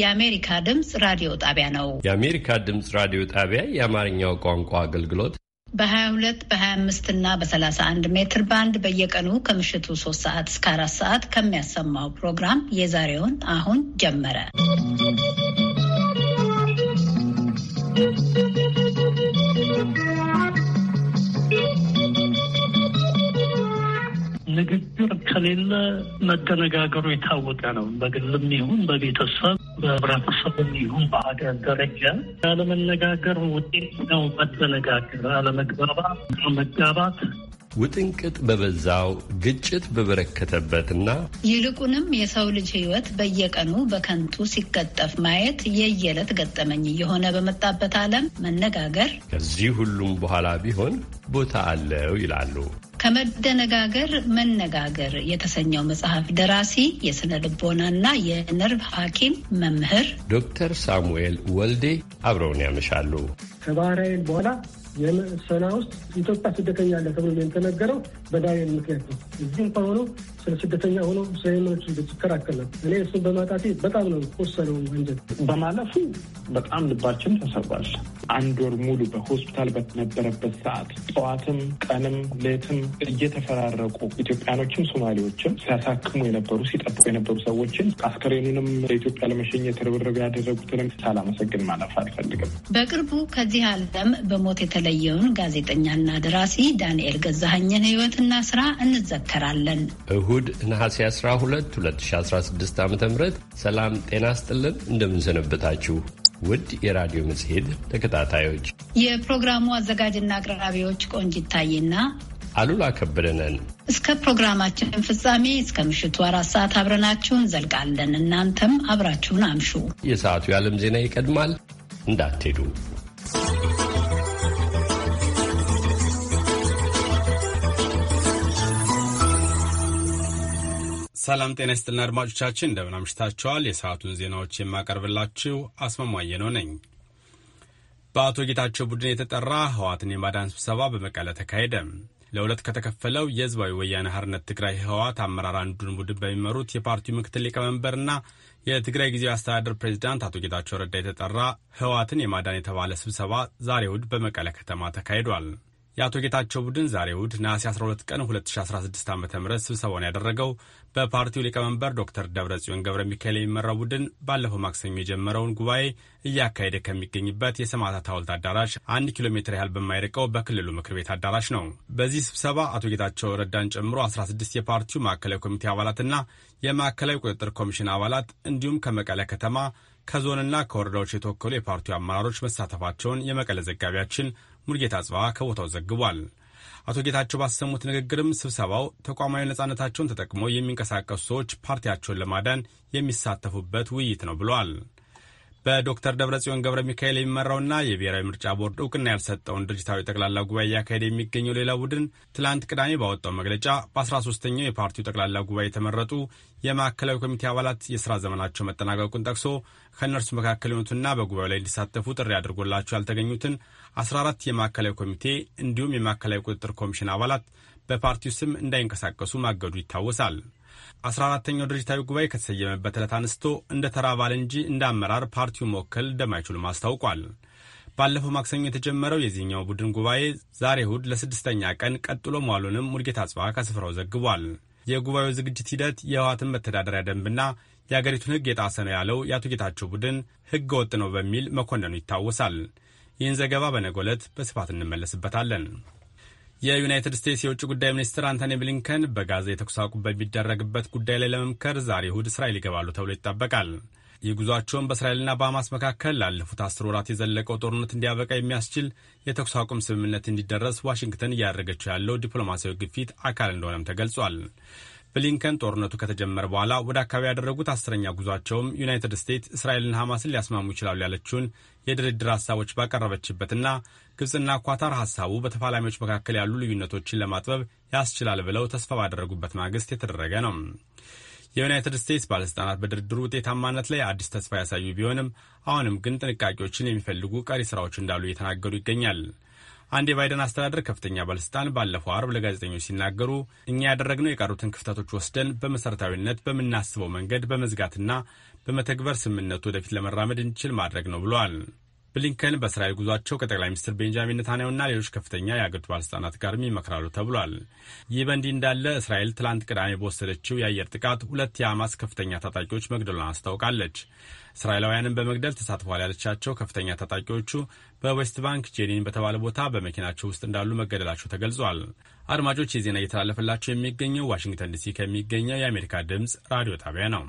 የአሜሪካ ድምፅ ራዲዮ ጣቢያ ነው። የአሜሪካ ድምፅ ራዲዮ ጣቢያ የአማርኛው ቋንቋ አገልግሎት በ22 በ25 እና በ31 ሜትር ባንድ በየቀኑ ከምሽቱ 3 ሰዓት እስከ 4 ሰዓት ከሚያሰማው ፕሮግራም የዛሬውን አሁን ጀመረ። ንግግር ከሌለ መደነጋገሩ የታወቀ ነው። በግልም ይሁን በቤተሰብ በህብረተሰብም ይሁን በሀገር ደረጃ ያለመነጋገር ውጤት ነው መደነጋገር፣ አለመግባባት፣ መጋባት ውጥንቅጥ በበዛው ግጭት በበረከተበትና ይልቁንም የሰው ልጅ ሕይወት በየቀኑ በከንቱ ሲቀጠፍ ማየት የየዕለት ገጠመኝ እየሆነ በመጣበት ዓለም መነጋገር ከዚህ ሁሉም በኋላ ቢሆን ቦታ አለው ይላሉ ከመደነጋገር መነጋገር የተሰኘው መጽሐፍ ደራሲ የሥነ ልቦናና የነርቭ ሐኪም መምህር ዶክተር ሳሙኤል ወልዴ አብረውን ያመሻሉ ከባህራዊን በኋላ የሰና ውስጥ ኢትዮጵያ ስደተኛ አለ ተብሎ የተነገረው በዳይን ምክንያት ነው። እዚህ እንኳ ሆኖ ስለ ስደተኛ ሆኖ ስለሌሎች ሲከራከል ነው። እኔ እሱን በማጣቴ በጣም ነው ቆሰለው ወንጀል በማለፉ በጣም ልባችን ተሰብሯል። አንድ ወር ሙሉ በሆስፒታል በተነበረበት ሰዓት ጠዋትም ቀንም ሌትም እየተፈራረቁ ኢትዮጵያኖችም ሶማሌዎችም ሲያሳክሙ የነበሩ ሲጠብቁ የነበሩ ሰዎችን አስከሬኑንም ለኢትዮጵያ ለመሸኘት ርብርብ ያደረጉትንም ሳላመሰግን ማለፍ አልፈልግም። በቅርቡ ከዚህ ዓለም በሞት የተለ የተለየውን ጋዜጠኛና ደራሲ ዳንኤል ገዛኸኝን ህይወትና ስራ እንዘከራለን። እሁድ ነሐሴ 12 2016 ዓ ም ሰላም ጤና ስጥልን። እንደምንሰነበታችሁ ውድ የራዲዮ መጽሔት ተከታታዮች። የፕሮግራሙ አዘጋጅና አቅራቢዎች ቆንጅ ይታይና አሉላ ከበደ እስከ ፕሮግራማችን ፍጻሜ እስከ ምሽቱ አራት ሰዓት አብረናችሁን ዘልቃለን። እናንተም አብራችሁን አምሹ። የሰዓቱ የዓለም ዜና ይቀድማል። እንዳትሄዱ ሰላም ጤና ይስጥልና አድማጮቻችን፣ እንደምን አምሽታችኋል። የሰዓቱን ዜናዎች የማቀርብላችሁ አስማማየ ነው ነኝ። በአቶ ጌታቸው ቡድን የተጠራ ህወሓትን የማዳን ስብሰባ በመቀለ ተካሄደ። ለሁለት ከተከፈለው የህዝባዊ ወያነ ሀርነት ትግራይ ህወሓት አመራር አንዱን ቡድን በሚመሩት የፓርቲው ምክትል ሊቀመንበርና የትግራይ ጊዜያዊ አስተዳደር ፕሬዚዳንት አቶ ጌታቸው ረዳ የተጠራ ህወሓትን የማዳን የተባለ ስብሰባ ዛሬ እሁድ በመቀለ ከተማ ተካሂዷል። የአቶ ጌታቸው ቡድን ዛሬ እሁድ ነሐሴ 12 ቀን 2016 ዓ ም ስብሰባውን ያደረገው በፓርቲው ሊቀመንበር ዶክተር ደብረጽዮን ገብረ ሚካኤል የሚመራው ቡድን ባለፈው ማክሰኞ የጀመረውን ጉባኤ እያካሄደ ከሚገኝበት የሰማዕታት ሐውልት አዳራሽ አንድ ኪሎ ሜትር ያህል በማይርቀው በክልሉ ምክር ቤት አዳራሽ ነው። በዚህ ስብሰባ አቶ ጌታቸው ረዳን ጨምሮ 16 የፓርቲው ማዕከላዊ ኮሚቴ አባላትና የማዕከላዊ ቁጥጥር ኮሚሽን አባላት እንዲሁም ከመቀለ ከተማ ከዞንና ከወረዳዎች የተወከሉ የፓርቲው አመራሮች መሳተፋቸውን የመቀለ ዘጋቢያችን ሙልጌታ ጽባ ከቦታው ዘግቧል። አቶ ጌታቸው ባሰሙት ንግግርም ስብሰባው ተቋማዊ ነጻነታቸውን ተጠቅመው የሚንቀሳቀሱ ሰዎች ፓርቲያቸውን ለማዳን የሚሳተፉበት ውይይት ነው ብለዋል። በዶክተር ደብረጽዮን ገብረ ሚካኤል የሚመራውና የብሔራዊ ምርጫ ቦርድ እውቅና ያልሰጠውን ድርጅታዊ ጠቅላላ ጉባኤ እያካሄደ የሚገኘው ሌላ ቡድን ትላንት ቅዳሜ ባወጣው መግለጫ በ13ኛው የፓርቲው ጠቅላላ ጉባኤ የተመረጡ የማዕከላዊ ኮሚቴ አባላት የሥራ ዘመናቸው መጠናቀቁን ጠቅሶ ከእነርሱ መካከል የሆኑትና በጉባኤው ላይ እንዲሳተፉ ጥሪ አድርጎላቸው ያልተገኙትን 14 የማዕከላዊ ኮሚቴ እንዲሁም የማዕከላዊ ቁጥጥር ኮሚሽን አባላት በፓርቲው ስም እንዳይንቀሳቀሱ ማገዱ ይታወሳል። አስራ አራተኛው ድርጅታዊ ጉባኤ ከተሰየመበት ዕለት አንስቶ እንደ ተራ አባል እንጂ እንደ አመራር ፓርቲውን መወከል እንደማይችሉም አስታውቋል። ባለፈው ማክሰኞ የተጀመረው የዚህኛው ቡድን ጉባኤ ዛሬ እሁድ ለስድስተኛ ቀን ቀጥሎ መዋሉንም ሙልጌታ ጽባ ከስፍራው ዘግቧል። የጉባኤው ዝግጅት ሂደት የህወሓትን መተዳደሪያ ደንብና የአገሪቱን ህግ የጣሰ ነው ያለው የአቶ ጌታቸው ቡድን ህገ ወጥ ነው በሚል መኮንኑ ይታወሳል። ይህን ዘገባ በነገ ዕለት በስፋት እንመለስበታለን። የዩናይትድ ስቴትስ የውጭ ጉዳይ ሚኒስትር አንቶኒ ብሊንከን በጋዛ የተኩስ አቁም በሚደረግበት ጉዳይ ላይ ለመምከር ዛሬ እሁድ እስራኤል ይገባሉ ተብሎ ይጠበቃል። ይህ በእስራኤልና በሐማስ መካከል ላለፉት አስር ወራት የዘለቀው ጦርነት እንዲያበቃ የሚያስችል የተኩስ አቁም ስምምነት እንዲደረስ ዋሽንግተን እያደረገችው ያለው ዲፕሎማሲያዊ ግፊት አካል እንደሆነም ተገልጿል። ብሊንከን ጦርነቱ ከተጀመረ በኋላ ወደ አካባቢ ያደረጉት አስረኛ ጉዟቸውም ዩናይትድ ስቴትስ እስራኤልና ሐማስን ሊያስማሙ ይችላሉ ያለችውን የድርድር ሀሳቦች ባቀረበችበትና ግብፅና ኳታር ሀሳቡ በተፋላሚዎች መካከል ያሉ ልዩነቶችን ለማጥበብ ያስችላል ብለው ተስፋ ባደረጉበት ማግስት የተደረገ ነው። የዩናይትድ ስቴትስ ባለሥልጣናት በድርድሩ ውጤታማነት ላይ አዲስ ተስፋ ያሳዩ ቢሆንም አሁንም ግን ጥንቃቄዎችን የሚፈልጉ ቀሪ ሥራዎች እንዳሉ እየተናገሩ ይገኛል። አንድ የባይደን አስተዳደር ከፍተኛ ባለስልጣን ባለፈው አርብ ለጋዜጠኞች ሲናገሩ እኛ ያደረግነው የቀሩትን ክፍተቶች ወስደን በመሠረታዊነት በምናስበው መንገድ በመዝጋትና በመተግበር ስምምነቱ ወደፊት ለመራመድ እንችል ማድረግ ነው ብለዋል። ብሊንከን በእስራኤል ጉዟቸው ከጠቅላይ ሚኒስትር ቤንጃሚን ኔታንያሁና ሌሎች ከፍተኛ የአገሪቱ ባለሥልጣናት ጋርም ይመክራሉ ተብሏል። ይህ በእንዲህ እንዳለ እስራኤል ትላንት ቅዳሜ በወሰደችው የአየር ጥቃት ሁለት የሐማስ ከፍተኛ ታጣቂዎች መግደሏን አስታውቃለች። እስራኤላውያንን በመግደል ተሳትፏል ያለቻቸው ከፍተኛ ታጣቂዎቹ በዌስት ባንክ ጄኒን በተባለ ቦታ በመኪናቸው ውስጥ እንዳሉ መገደላቸው ተገልጿል። አድማጮች፣ የዜና እየተላለፈላቸው የሚገኘው ዋሽንግተን ዲሲ ከሚገኘው የአሜሪካ ድምፅ ራዲዮ ጣቢያ ነው።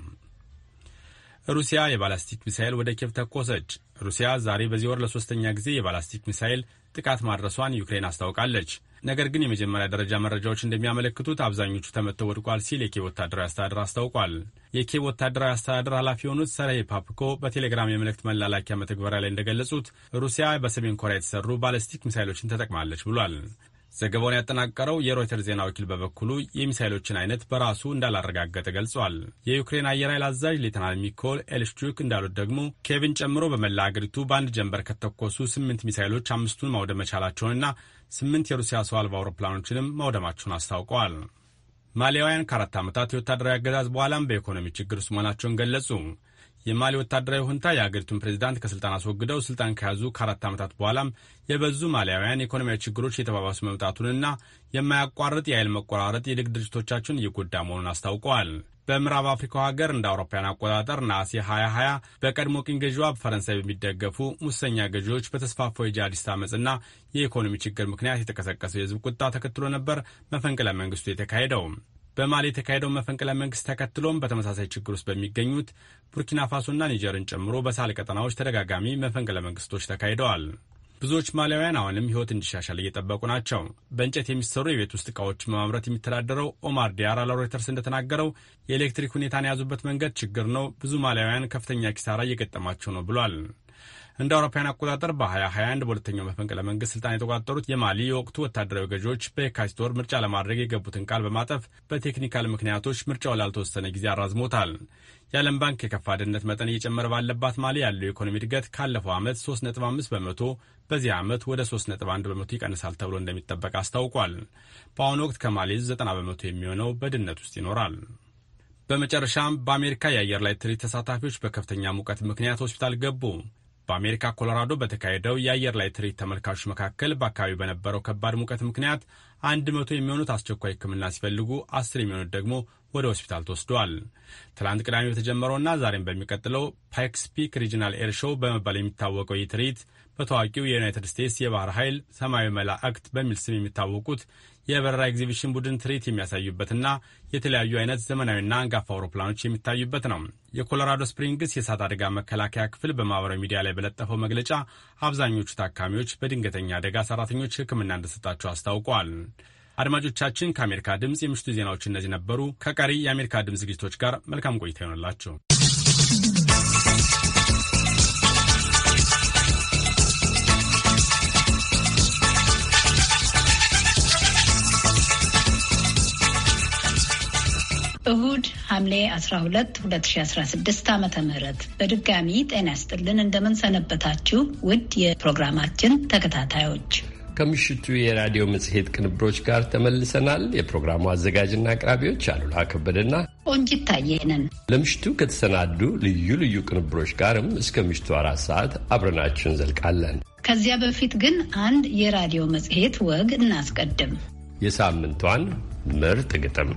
ሩሲያ የባላስቲክ ሚሳይል ወደ ኬቭ ተኮሰች። ሩሲያ ዛሬ በዚህ ወር ለሶስተኛ ጊዜ የባላስቲክ ሚሳይል ጥቃት ማድረሷን ዩክሬን አስታውቃለች። ነገር ግን የመጀመሪያ ደረጃ መረጃዎች እንደሚያመለክቱት አብዛኞቹ ተመተው ወድቋል ሲል የኬቭ ወታደራዊ አስተዳደር አስታውቋል። የኬቭ ወታደራዊ አስተዳደር ኃላፊ የሆኑት ሰርሄይ ፓፕኮ በቴሌግራም የመልእክት መላላኪያ መተግበሪያ ላይ እንደገለጹት ሩሲያ በሰሜን ኮሪያ የተሰሩ ባለስቲክ ሚሳይሎችን ተጠቅማለች ብሏል። ዘገባውን ያጠናቀረው የሮይተር ዜና ወኪል በበኩሉ የሚሳይሎችን አይነት በራሱ እንዳላረጋገጠ ገልጿል። የዩክሬን አየር ኃይል አዛዥ ሌተናል ሚኮል ኤልሽቹክ እንዳሉት ደግሞ ኬቪን ጨምሮ በመላ አገሪቱ በአንድ ጀንበር ከተኮሱ ስምንት ሚሳይሎች አምስቱን ማውደም መቻላቸውንና ስምንት የሩሲያ ሰው አልባ አውሮፕላኖችንም ማውደማቸውን አስታውቀዋል። ማሊያውያን ከአራት ዓመታት የወታደራዊ አገዛዝ በኋላም በኢኮኖሚ ችግር ውስጥ መሆናቸውን ገለጹ። የማሊ ወታደራዊ ሁንታ የአገሪቱን ፕሬዚዳንት ከስልጣን አስወግደው ስልጣን ከያዙ ከአራት ዓመታት በኋላም የበዙ ማሊያውያን የኢኮኖሚያዊ ችግሮች የተባባሱ መምጣቱንና የማያቋርጥ የኃይል መቆራረጥ የንግድ ድርጅቶቻችን እየጎዳ መሆኑን አስታውቀዋል። በምዕራብ አፍሪካው ሀገር እንደ አውሮፓውያን አቆጣጠር ነሐሴ 2020 በቀድሞ ቅኝ ገዢዋ ፈረንሳይ በሚደገፉ ሙሰኛ ገዢዎች በተስፋፋው የጂሃዲስት አመፅና የኢኮኖሚ ችግር ምክንያት የተቀሰቀሰው የህዝብ ቁጣ ተከትሎ ነበር መፈንቅለ መንግስቱ የተካሄደው። በማሊ የተካሄደው መፈንቅለ መንግስት ተከትሎም በተመሳሳይ ችግር ውስጥ በሚገኙት ቡርኪና ፋሶና ኒጀርን ጨምሮ በሳል ቀጠናዎች ተደጋጋሚ መፈንቅለ መንግስቶች ተካሂደዋል። ብዙዎች ማሊያውያን አሁንም ህይወት እንዲሻሻል እየጠበቁ ናቸው። በእንጨት የሚሰሩ የቤት ውስጥ እቃዎች በማምረት የሚተዳደረው ኦማር ዲያራ ለሮይተርስ እንደተናገረው የኤሌክትሪክ ሁኔታን የያዙበት መንገድ ችግር ነው። ብዙ ማሊያውያን ከፍተኛ ኪሳራ እየገጠማቸው ነው ብሏል። እንደ አውሮፓውያን አቆጣጠር በ2021 በሁለተኛው መፈንቅለ መንግስት ስልጣን የተቆጣጠሩት የማሊ የወቅቱ ወታደራዊ ገዢዎች በየካቲት ወር ምርጫ ለማድረግ የገቡትን ቃል በማጠፍ በቴክኒካል ምክንያቶች ምርጫው ላልተወሰነ ጊዜ አራዝሞታል። የዓለም ባንክ የከፋ ድህነት መጠን እየጨመረ ባለባት ማሊ ያለው የኢኮኖሚ እድገት ካለፈው ዓመት 3.5 በመቶ በዚህ ዓመት ወደ 3.1 በመቶ ይቀንሳል ተብሎ እንደሚጠበቅ አስታውቋል። በአሁኑ ወቅት ከማሊ 90 በመቶ የሚሆነው በድህነት ውስጥ ይኖራል። በመጨረሻም በአሜሪካ የአየር ላይ ትርኢት ተሳታፊዎች በከፍተኛ ሙቀት ምክንያት ሆስፒታል ገቡ። በአሜሪካ ኮሎራዶ በተካሄደው የአየር ላይ ትርኢት ተመልካቾች መካከል በአካባቢው በነበረው ከባድ ሙቀት ምክንያት አንድ መቶ የሚሆኑት አስቸኳይ ሕክምና ሲፈልጉ አስር የሚሆኑት ደግሞ ወደ ሆስፒታል ተወስደዋል። ትላንት ቅዳሜ በተጀመረውና ዛሬም በሚቀጥለው ፓይክስ ፒክ ሪጂናል ኤር ሾው በመባል የሚታወቀው ይህ ትርኢት በታዋቂው የዩናይትድ ስቴትስ የባህር ኃይል ሰማያዊ መላእክት በሚል ስም የሚታወቁት የበረራ ኤግዚቢሽን ቡድን ትርኢት የሚያሳዩበትና የተለያዩ አይነት ዘመናዊና አንጋፋ አውሮፕላኖች የሚታዩበት ነው። የኮሎራዶ ስፕሪንግስ የእሳት አደጋ መከላከያ ክፍል በማኅበራዊ ሚዲያ ላይ በለጠፈው መግለጫ አብዛኞቹ ታካሚዎች በድንገተኛ አደጋ ሠራተኞች ሕክምና እንደሰጣቸው አስታውቋል። አድማጮቻችን፣ ከአሜሪካ ድምፅ የምሽቱ ዜናዎች እነዚህ ነበሩ። ከቀሪ የአሜሪካ ድምፅ ዝግጅቶች ጋር መልካም ቆይታ ይሆንላቸው። እሁድ ሐምሌ 12 2016 ዓ ም በድጋሚ ጤና ያስጥልን። እንደምንሰነበታችሁ ውድ የፕሮግራማችን ተከታታዮች። ከምሽቱ የራዲዮ መጽሔት ቅንብሮች ጋር ተመልሰናል። የፕሮግራሙ አዘጋጅና አቅራቢዎች አሉላ ከበደና ቆንጂት ታየንን ለምሽቱ ከተሰናዱ ልዩ ልዩ ቅንብሮች ጋርም እስከ ምሽቱ አራት ሰዓት አብረናችሁ እንዘልቃለን። ከዚያ በፊት ግን አንድ የራዲዮ መጽሔት ወግ እናስቀድም። የሳምንቷን ምርጥ ግጥም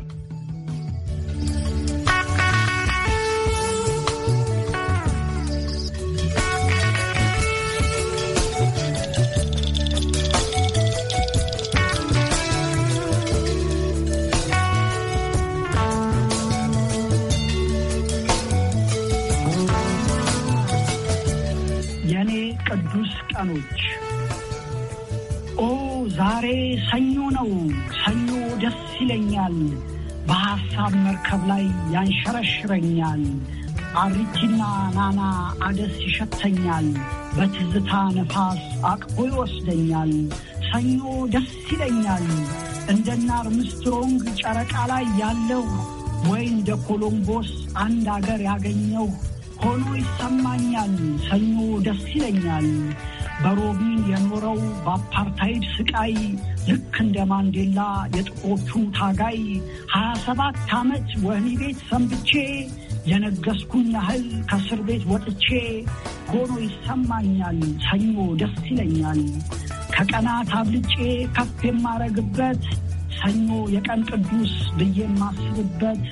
ቀኖች ኦ ዛሬ ሰኞ ነው። ሰኞ ደስ ይለኛል። በሀሳብ መርከብ ላይ ያንሸረሽረኛል። አሪቲና ናና አደስ ይሸተኛል። በትዝታ ነፋስ አቅፎ ይወስደኛል። ሰኞ ደስ ይለኛል። እንደ ናር ምስትሮንግ ጨረቃ ላይ ያለው ወይ እንደ ኮሎምቦስ አንድ አገር ያገኘው ሆኖ ይሰማኛል። ሰኞ ደስ ይለኛል። በሮቢን የኖረው በአፓርታይድ ስቃይ ልክ እንደ ማንዴላ የጥቁሮቹን ታጋይ ሀያ ሰባት ዓመት ወህኒ ቤት ሰንብቼ የነገስኩኝ ያህል ከእስር ቤት ወጥቼ ጎኖ ይሰማኛል ሰኞ ደስ ይለኛል ከቀናት አብልጬ ከፍ የማረግበት ሰኞ የቀን ቅዱስ ብዬ የማስብበት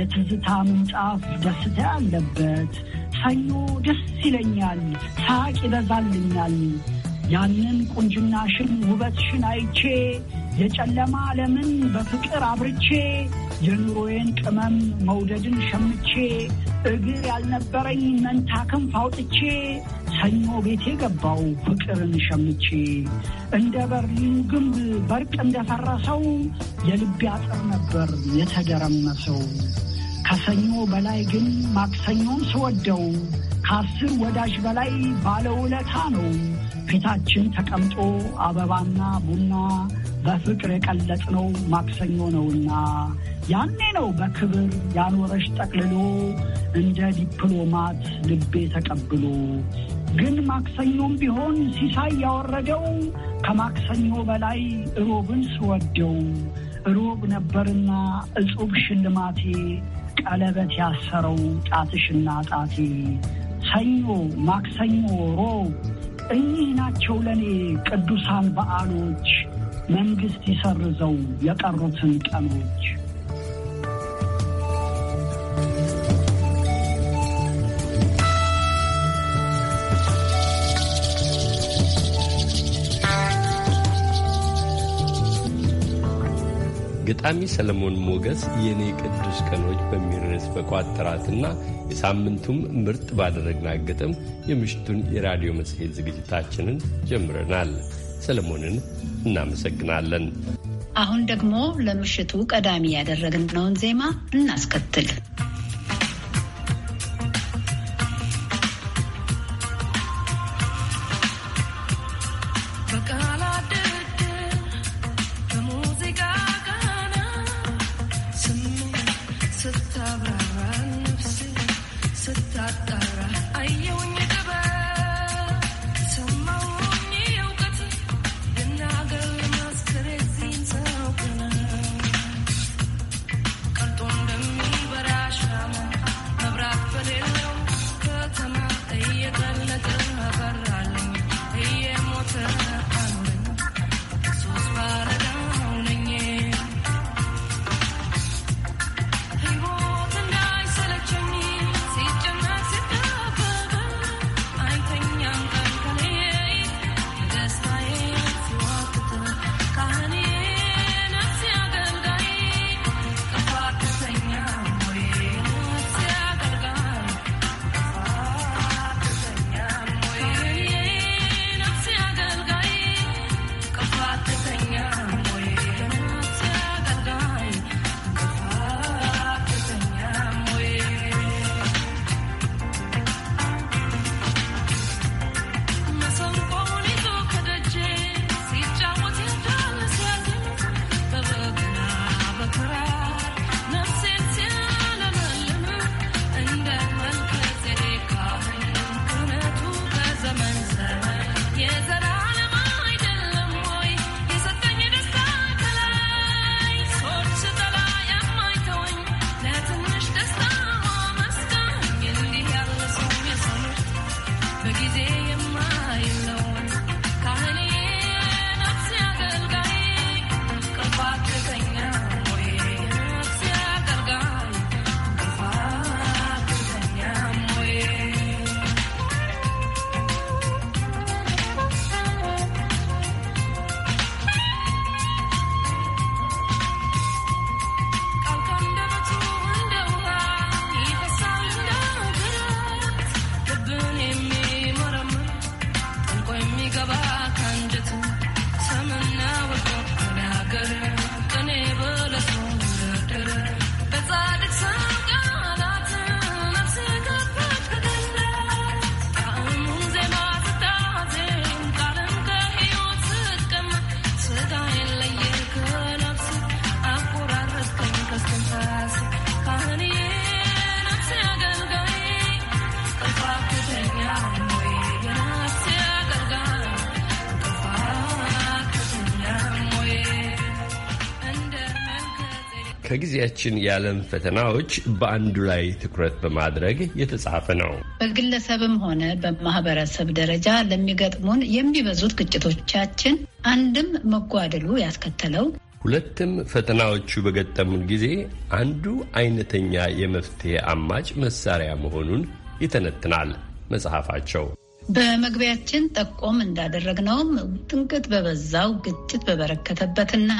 የትዝታ ምንጣፍ ደስታ ያለበት ሰኞ ደስ ይለኛል ሳቅ ይበዛልኛል ያንን ቁንጅናሽን ውበትሽን አይቼ የጨለማ ዓለምን በፍቅር አብርቼ የኑሮዬን ቅመም መውደድን ሸምቼ እግር ያልነበረኝ መንታ ክንፍ አውጥቼ ሰኞ ቤቴ ገባው ፍቅርን ሸምቼ እንደ በርሊኑ ግንብ በርቅ እንደፈረሰው የልቤ አጥር ነበር የተደረመሰው። ከሰኞ በላይ ግን ማክሰኞን ስወደው ከአስር ወዳጅ በላይ ባለውለታ ነው ፊታችን ተቀምጦ አበባና ቡና በፍቅር የቀለጽነው ማክሰኞ ነውና ያኔ ነው በክብር ያኖረሽ ጠቅልሎ እንደ ዲፕሎማት ልቤ ተቀብሎ ግን ማክሰኞም ቢሆን ሲሳይ ያወረደው ከማክሰኞ በላይ እሮብን ስወደው እሮብ ነበርና እጹብ ሽልማቴ ቀለበት ያሰረው ጣትሽና ጣቴ ሰኞ ማክሰኞ ሮብ እኚህ ናቸው ለእኔ ቅዱሳን በዓሎች መንግሥት ይሰርዘው የቀሩትን ቀኖች ገጣሚ ሰለሞን ሞገስ የእኔ ቅዱስ ቀኖች በሚል ርዕስ በቋጠራትና የሳምንቱም ምርጥ ባደረግና ግጥም የምሽቱን የራዲዮ መጽሔት ዝግጅታችንን ጀምረናል። ሰለሞንን እናመሰግናለን። አሁን ደግሞ ለምሽቱ ቀዳሚ ያደረግነውን ዜማ እናስከትል። ከጊዜያችን የዓለም ፈተናዎች በአንዱ ላይ ትኩረት በማድረግ የተጻፈ ነው። በግለሰብም ሆነ በማህበረሰብ ደረጃ ለሚገጥሙን የሚበዙት ግጭቶቻችን አንድም መጓደሉ ያስከተለው ሁለትም ፈተናዎቹ በገጠሙን ጊዜ አንዱ አይነተኛ የመፍትሄ አማጭ መሳሪያ መሆኑን ይተነትናል መጽሐፋቸው። በመግቢያችን ጠቆም እንዳደረግነውም ጥንቅት በበዛው ግጭት በበረከተበትና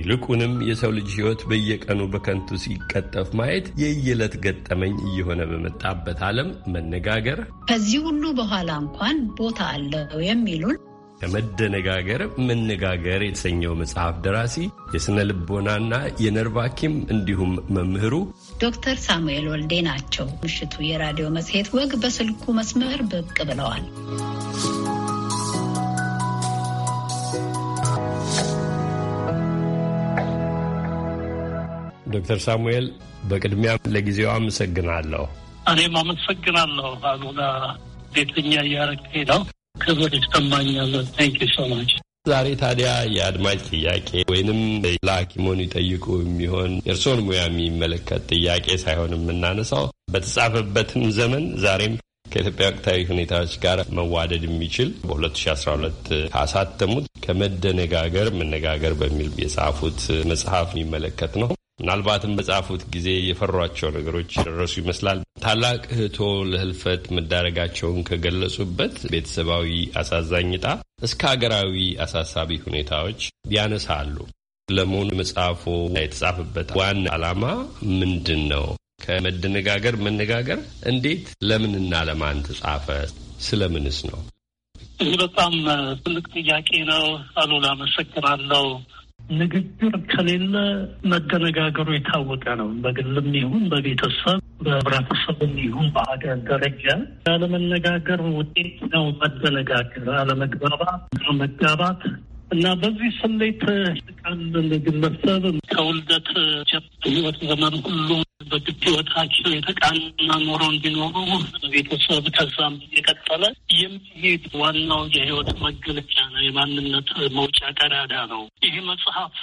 ይልቁንም የሰው ልጅ ሕይወት በየቀኑ በከንቱ ሲቀጠፍ ማየት የየዕለት ገጠመኝ እየሆነ በመጣበት ዓለም መነጋገር ከዚህ ሁሉ በኋላ እንኳን ቦታ አለው የሚሉን ከመደነጋገር መነጋገር የተሰኘው መጽሐፍ ደራሲ የሥነ ልቦናና የነርቭ ሐኪም እንዲሁም መምህሩ ዶክተር ሳሙኤል ወልዴ ናቸው። ምሽቱ የራዲዮ መጽሔት ወግ በስልኩ መስመር ብቅ ብለዋል። ዶክተር ሳሙኤል በቅድሚያ ለጊዜው አመሰግናለሁ። እኔም አመሰግናለሁ። አሉላ ቤተኛ እያረግኝ ነው። ክብር ይሰማኛል። ታንክ ዩ ሶ ማች። ዛሬ ታዲያ የአድማጭ ጥያቄ ወይንም ለሐኪሞን ይጠይቁ የሚሆን የእርስዎን ሙያ የሚመለከት ጥያቄ ሳይሆን የምናነሳው በተጻፈበትም ዘመን ዛሬም ከኢትዮጵያ ወቅታዊ ሁኔታዎች ጋር መዋደድ የሚችል በ2012 ካሳተሙት ከመደነጋገር መነጋገር በሚል የጻፉት መጽሐፍ የሚመለከት ነው። ምናልባትም በጻፉት ጊዜ የፈሯቸው ነገሮች የደረሱ ይመስላል። ታላቅ እህቶ ለህልፈት መዳረጋቸውን ከገለጹበት ቤተሰባዊ አሳዛኝ ዕጣ እስከ ሀገራዊ አሳሳቢ ሁኔታዎች ያነሳሉ። ለመሆኑ መጽሐፎ የተጻፈበት ዋና ዓላማ ምንድን ነው? ከመደነጋገር መነጋገር እንዴት፣ ለምንና ለማን ተጻፈ? ስለምንስ ነው? ይህ በጣም ትልቅ ጥያቄ ነው። አሉላ አመሰግናለሁ። ንግግር ከሌለ መደነጋገሩ የታወቀ ነው። በግልም ይሁን በቤተሰብ በህብረተሰብም ይሁን በሀገር ደረጃ ያለመነጋገር ውጤት ነው። መደነጋገር፣ አለመግባባት፣ መጋባት እና በዚህ ስሌት ቃል ግለሰብ ከውልደት ህይወት ዘመን ሁሉ በግቢ ወታቸው የተቃና ኑሮ እንዲኖሩ ቤተሰብ ከዛም የቀጠለ የሚሄድ ዋናው የህይወት መገለጫ ነው። የማንነት መውጫ ቀዳዳ ነው። ይህ መጽሐፍ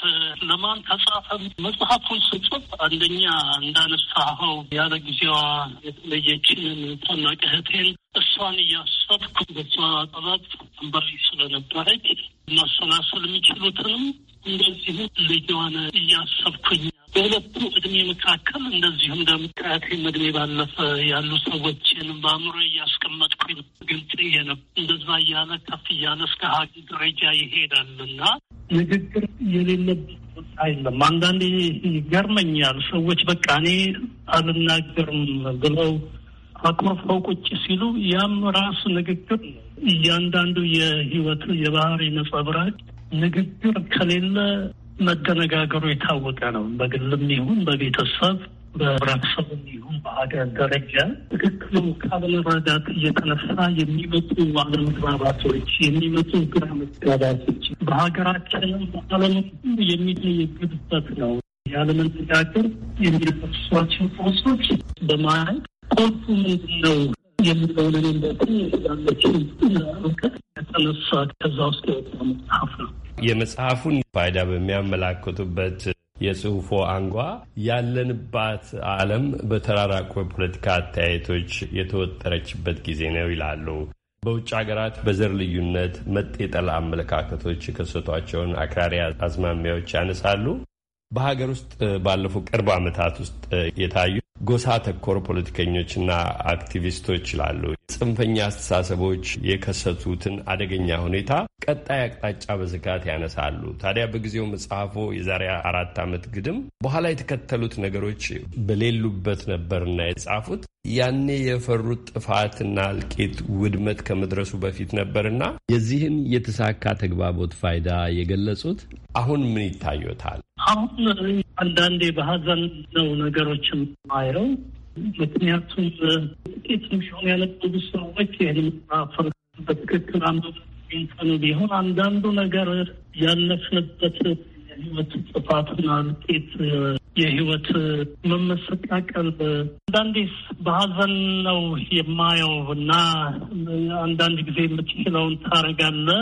ለማን ተጻፈ? መጽሐፉን ስጽፍ አንደኛ እንዳነሳኸው ያለ ጊዜዋ የተለየችንን ታላቅ እህቴን እሷን እያሰብኩ በሷ ጠላት አንበሪ ስለነበረች ማሰላሰል የሚችሉትንም እንደዚህ ልጇን እያሰብኩኝ በሁለቱ እድሜ መካከል እንደዚሁም ደግሞ እድሜ ባለፈ ያሉ ሰዎችን በአእምሮ እያስቀመጥኩኝ ግልጽ የነ እንደዛ እያለ ከፍ እያለ እስከ ሀቅ ደረጃ ይሄዳል እና ንግግር የሌለበት አይለም። አንዳንዴ ይገርመኛል ሰዎች በቃ እኔ አልናገርም ብለው አኩርፈው ቁጭ ሲሉ ያም ራሱ ንግግር እያንዳንዱ የህይወት የባህሪ ነጸብራቅ ንግግር ከሌለ መደነጋገሩ የታወቀ ነው። በግልም ይሁን በቤተሰብ በህብረተሰብ ይሁን በሀገር ደረጃ ትክክሉ ካለመረዳት እየተነሳ የሚመጡ አለመግባባቶች፣ የሚመጡ ግራ መጋባቶች በሀገራችንም በዓለም የሚጠየቅበት ነው። ያለመነጋገር የሚደርሷቸው ፖስቶች በማለት ቆልፉ ምንድን ነው? እኔ ከዛ ውስጥ የወጣ መጽሐፍ ነው። የመጽሐፉን ፋይዳ በሚያመላክቱበት የጽሁፎ አንጓ ያለንባት ዓለም በተራራቁ የፖለቲካ አተያየቶች የተወጠረችበት ጊዜ ነው ይላሉ። በውጭ ሀገራት በዘር ልዩነት መጤጠል አመለካከቶች የከሰቷቸውን አክራሪ አዝማሚያዎች ያነሳሉ። በሀገር ውስጥ ባለፉ ቅርብ ዓመታት ውስጥ የታዩ ጎሳ ተኮር ፖለቲከኞችና አክቲቪስቶች ይላሉ። ጽንፈኛ አስተሳሰቦች የከሰቱትን አደገኛ ሁኔታ ቀጣይ አቅጣጫ በስጋት ያነሳሉ። ታዲያ በጊዜው መጽሐፎ የዛሬ አራት ዓመት ግድም በኋላ የተከተሉት ነገሮች በሌሉበት ነበርና የጻፉት ያኔ የፈሩት ጥፋትና እልቂት ውድመት ከመድረሱ በፊት ነበርና የዚህን የተሳካ ተግባቦት ፋይዳ የገለጹት አሁን ምን ይታዩታል? አሁን አንዳንዴ በሀዘን ነው ነገሮችን ማየው። ምክንያቱም ጥቂት ሚሆን ያለብዙ ሰዎች ይህ መጽሐፍ በትክክል አንዱ ቢሆን አንዳንዱ ነገር ያለፍንበት የህይወት ጥፋትና ውጤት የህይወት መመሰቃቀል አንዳንዴ በሀዘን ነው የማየው እና አንዳንድ ጊዜ የምትችለውን ታደርጋለህ።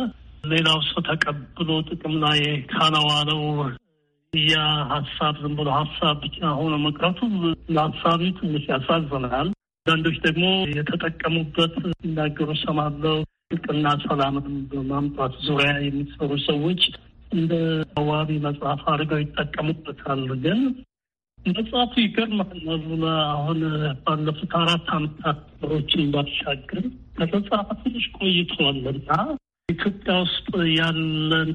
ሌላው ሰው ተቀብሎ ጥቅም ላይ ካለዋለው። ያ ሀሳብ ዝም ብሎ ሀሳብ ብቻ ሆኖ መቅረቱ ለሀሳቢ ትንሽ ያሳዝናል። አንዳንዶች ደግሞ የተጠቀሙበት እንዳገሩ ሰማለው። እርቅና ሰላምን በማምጣት ዙሪያ የሚሰሩ ሰዎች እንደ አዋቢ መጽሐፍ አድርገው ይጠቀሙበታል። ግን መጽሐፉ ይገርማል። አሁን ባለፉት አራት አመታት ሮችን ባሻገር ከተጻፈ ትንሽ ቆይቷልና ኢትዮጵያ ውስጥ ያለን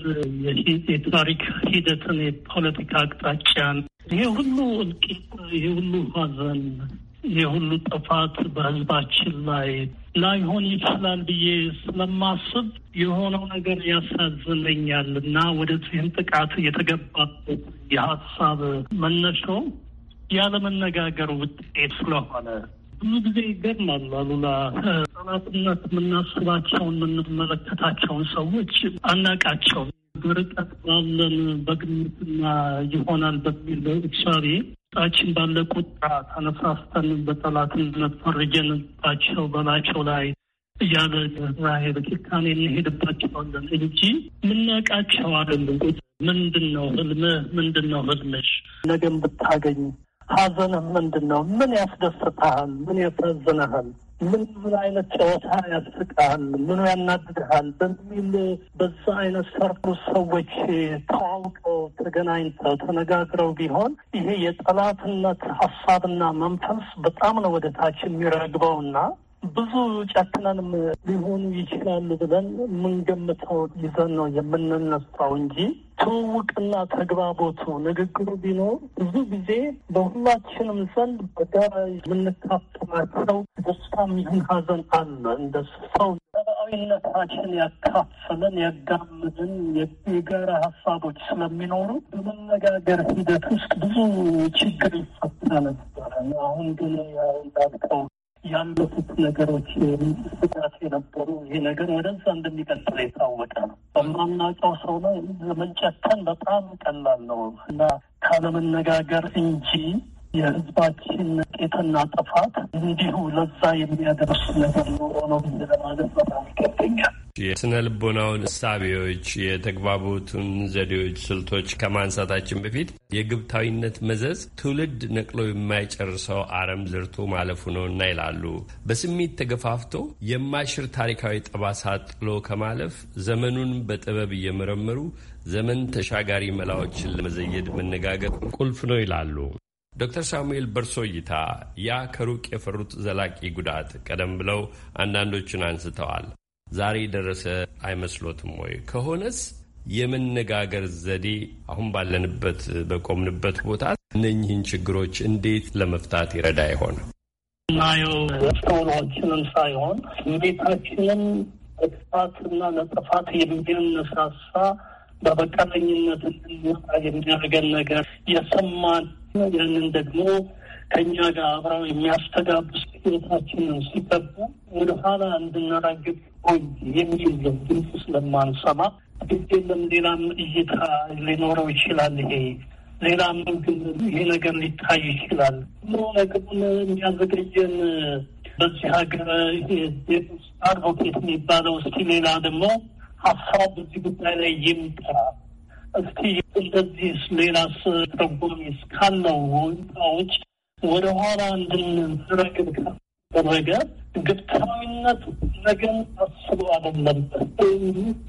የታሪክ ሂደትን፣ የፖለቲካ አቅጣጫን፣ ይሄ ሁሉ እልቂት፣ ይሄ ሁሉ ሀዘን፣ ይሄ ሁሉ ጥፋት በህዝባችን ላይ ላይሆን ይችላል ብዬ ስለማስብ የሆነው ነገር ያሳዝነኛል እና ወደዚህም ጥቃት የተገባበት የሀሳብ መነሻው ያለመነጋገር ውጤት ስለሆነ ብዙ ጊዜ ይገርማል አሉላ ጠላትነት የምናስባቸውን የምንመለከታቸውን ሰዎች አናቃቸው ርቀት ባለን በግምትና ይሆናል በሚል እሳቤ ጣችን ባለ ቁጣ ተነሳስተን በጠላትነት ፈርጀንባቸው በላቸው ላይ እያለ ራሄ በጭካኔ እንሄድባቸዋለን እንጂ የምናቃቸው አይደለም። ምንድን ነው ህልምህ? ምንድን ነው ህልምሽ? ነገም ብታገኝ ሀዘንህ ምንድን ነው? ምን ያስደስትሃል? ምን ያሳዝንሃል? ምን ምን አይነት ጨዋታ ያስቃል፣ ምኑ ያናድድሃል? በሚል በዛ አይነት ሰርቶ ሰዎች ተዋውቀው ተገናኝተው ተነጋግረው ቢሆን ይሄ የጠላትነት ሀሳብና መንፈስ በጣም ነው ወደ ታች የሚረግበውና ብዙ ጨክነንም ሊሆኑ ይችላሉ ብለን የምንገምተው ይዘን ነው የምንነሳው እንጂ ትውውቅና ተግባቦቱ ንግግሩ ቢኖር ብዙ ጊዜ በሁላችንም ዘንድ በጋራ የምንካፈላቸው ደስታም ይሁን ሀዘን አለ። እንደ ሰው ሰብአዊነታችን ያካፍለን ያጋምድን የጋራ ሀሳቦች ስለሚኖሩ በመነጋገር ሂደት ውስጥ ብዙ ችግር ይፈታ ነበረ። አሁን ግን እንዳልከው ያለፉት ነገሮች ስጋት የነበሩ ይህ ነገር ወደዛ እንደሚቀጥል የታወቀ ነው። በማናውቀው ሰው ላይ ለመጨከን በጣም ቀላል ነው እና ካለመነጋገር እንጂ የህዝባችን ቄትና ጥፋት እንዲሁ ለዛ የሚያደርስ ነገር ነው ለማለት በጣም ይገባኛል። የስነ ልቦናውን እሳቤዎች፣ የተግባቦቱን ዘዴዎች፣ ስልቶች ከማንሳታችን በፊት የግብታዊነት መዘዝ ትውልድ ነቅሎ የማይጨርሰው አረም ዘርቶ ማለፉ እና ይላሉ። በስሜት ተገፋፍቶ የማይሽር ታሪካዊ ጠባሳ ጥሎ ከማለፍ ዘመኑን በጥበብ እየመረመሩ ዘመን ተሻጋሪ መላዎችን ለመዘየድ መነጋገር ቁልፍ ነው ይላሉ። ዶክተር ሳሙኤል በርሶ እይታ ያ ከሩቅ የፈሩት ዘላቂ ጉዳት ቀደም ብለው አንዳንዶቹን አንስተዋል። ዛሬ ደረሰ አይመስሎትም ወይ? ከሆነስ የመነጋገር ዘዴ አሁን ባለንበት በቆምንበት ቦታ እነኝህን ችግሮች እንዴት ለመፍታት ይረዳ ይሆን? እናየው መፍትሄዎችንም ሳይሆን ስሜታችንን በጥፋትና ለጥፋት የሚያነሳሳ በበቀለኝነት እንድንወጣ የሚያደርገን ነገር የሰማን ያንን ደግሞ ከእኛ ጋር አብረው የሚያስተጋብስ ህይወታችንን ሲገባ ወደ ኋላ እንድናራግብ ሆይ የሚል ድምፅ ስለማንሰማ ግድ ሌላም እይታ ሊኖረው ይችላል ይሄ ሌላም ግን ይሄ ነገር ሊታይ ይችላል ምሮ ነገሩን የሚያዘገየን በዚህ ሀገር አድቮኬት የሚባለው እስቲ ሌላ ደግሞ ሀሳብ በዚህ ጉዳይ ላይ የሚጠራ እስቲ እንደዚህ ሌላ ተጎሚ እስካለው ወይምታዎች ወደ ኋላ እንድንረግ ደረገ ግብታዊነት ነገን አስቦ አይደለም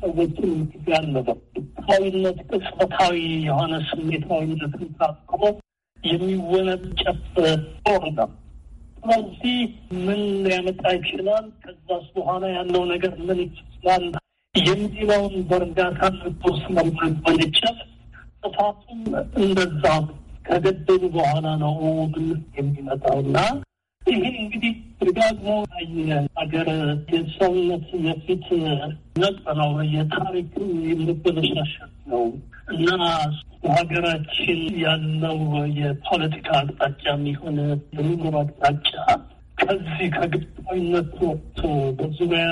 ሰዎችን ያለበው ግብታዊነት ቅጽበታዊ የሆነ ስሜታዊነት ታቅቦ የሚወነጨፍ ጦር ነው። ስለዚህ ምን ሊያመጣ ይችላል? ከዛስ በኋላ ያለው ነገር ምን ይችላል? የሚለውን በእርጋታ ልቦስ መምረት መነጨት ጥፋቱም እንደዛ ከገደሉ በኋላ ነው የሚመጣው እና ይህ እንግዲህ ደጋግሞ ሀገር የሰውነት የፊት ነጥ ነው የታሪክ የምበለሻሸት ነው እና ሀገራችን ያለው የፖለቲካ አቅጣጫ የሚሆን የኑሮ አቅጣጫ ከዚህ ከግባዊነት ወጥቶ በዙሪያ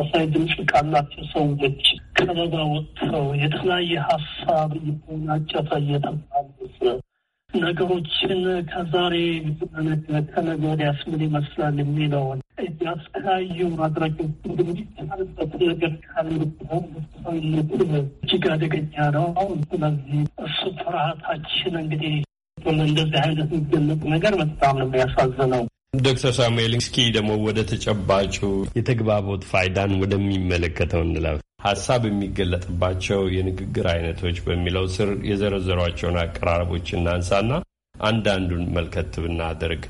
አሳይ ድምፅ ካላቸው ሰዎች ከበባ ወጥተው የተለያየ ሀሳብ እየሆናጨፈ እየተባለ ነገሮችን ከዛሬ ከነገ ወዲያስ ምን ይመስላል የሚለውን ያስተያዩ ማድረግ ሚቻልበት ነገር ካልሰውነት እጅግ አደገኛ ነው። ስለዚህ እሱ ፍርሃታችን እንግዲህ እንደዚህ አይነት የሚገለጥ ነገር በጣም ነው የሚያሳዝነው። ዶክተር ሳሙኤል እስኪ ደግሞ ወደ ተጨባጩ የተግባቦት ፋይዳን ወደሚመለከተው እንለፍ። ሀሳብ የሚገለጥባቸው የንግግር አይነቶች በሚለው ስር የዘረዘሯቸውን አቀራረቦች እናንሳና አንዳንዱን መልከት ብናደርግ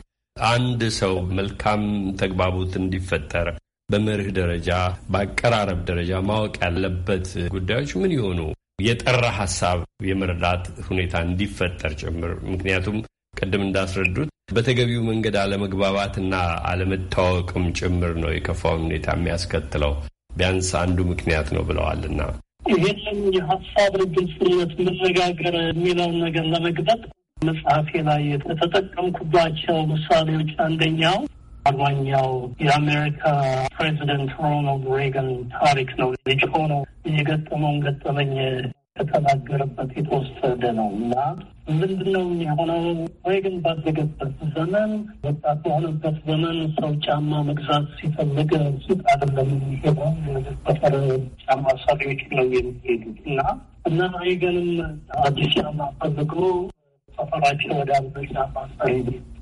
አንድ ሰው መልካም ተግባቦት እንዲፈጠር በመርህ ደረጃ በአቀራረብ ደረጃ ማወቅ ያለበት ጉዳዮች ምን ይሆኑ? የጠራ ሀሳብ የመረዳት ሁኔታ እንዲፈጠር ጭምር። ምክንያቱም ቅድም እንዳስረዱት በተገቢው መንገድ አለመግባባትና አለመታወቅም ጭምር ነው የከፋውን ሁኔታ የሚያስከትለው ቢያንስ አንዱ ምክንያት ነው ብለዋልና ይሄንን የሀሳብ ግልጽነት፣ መነጋገር የሚለውን ነገር ለመግለጥ መጽሐፌ ላይ የተጠቀምኩባቸው ምሳሌዎች አንደኛው አርባኛው የአሜሪካ ፕሬዚደንት ሮናልድ ሬገን ታሪክ ነው። ልጅ ሆኖ የገጠመውን ገጠመኝ ከተናገረበት የተወሰደ ነው እና ምንድነው የሆነው? ወይ ግን ባደገበት ዘመን ወጣት በሆነበት ዘመን ሰው ጫማ መግዛት ሲፈልግ ሱቅ አይደለም የሚሄደው፣ በፈር ጫማ ሰሪዎች ነው የሚሄዱት እና እና ይገንም አዲስ ጫማ ፈልጎ ሰፈራቸው ወደ አንዱ ጫማ ሰሪ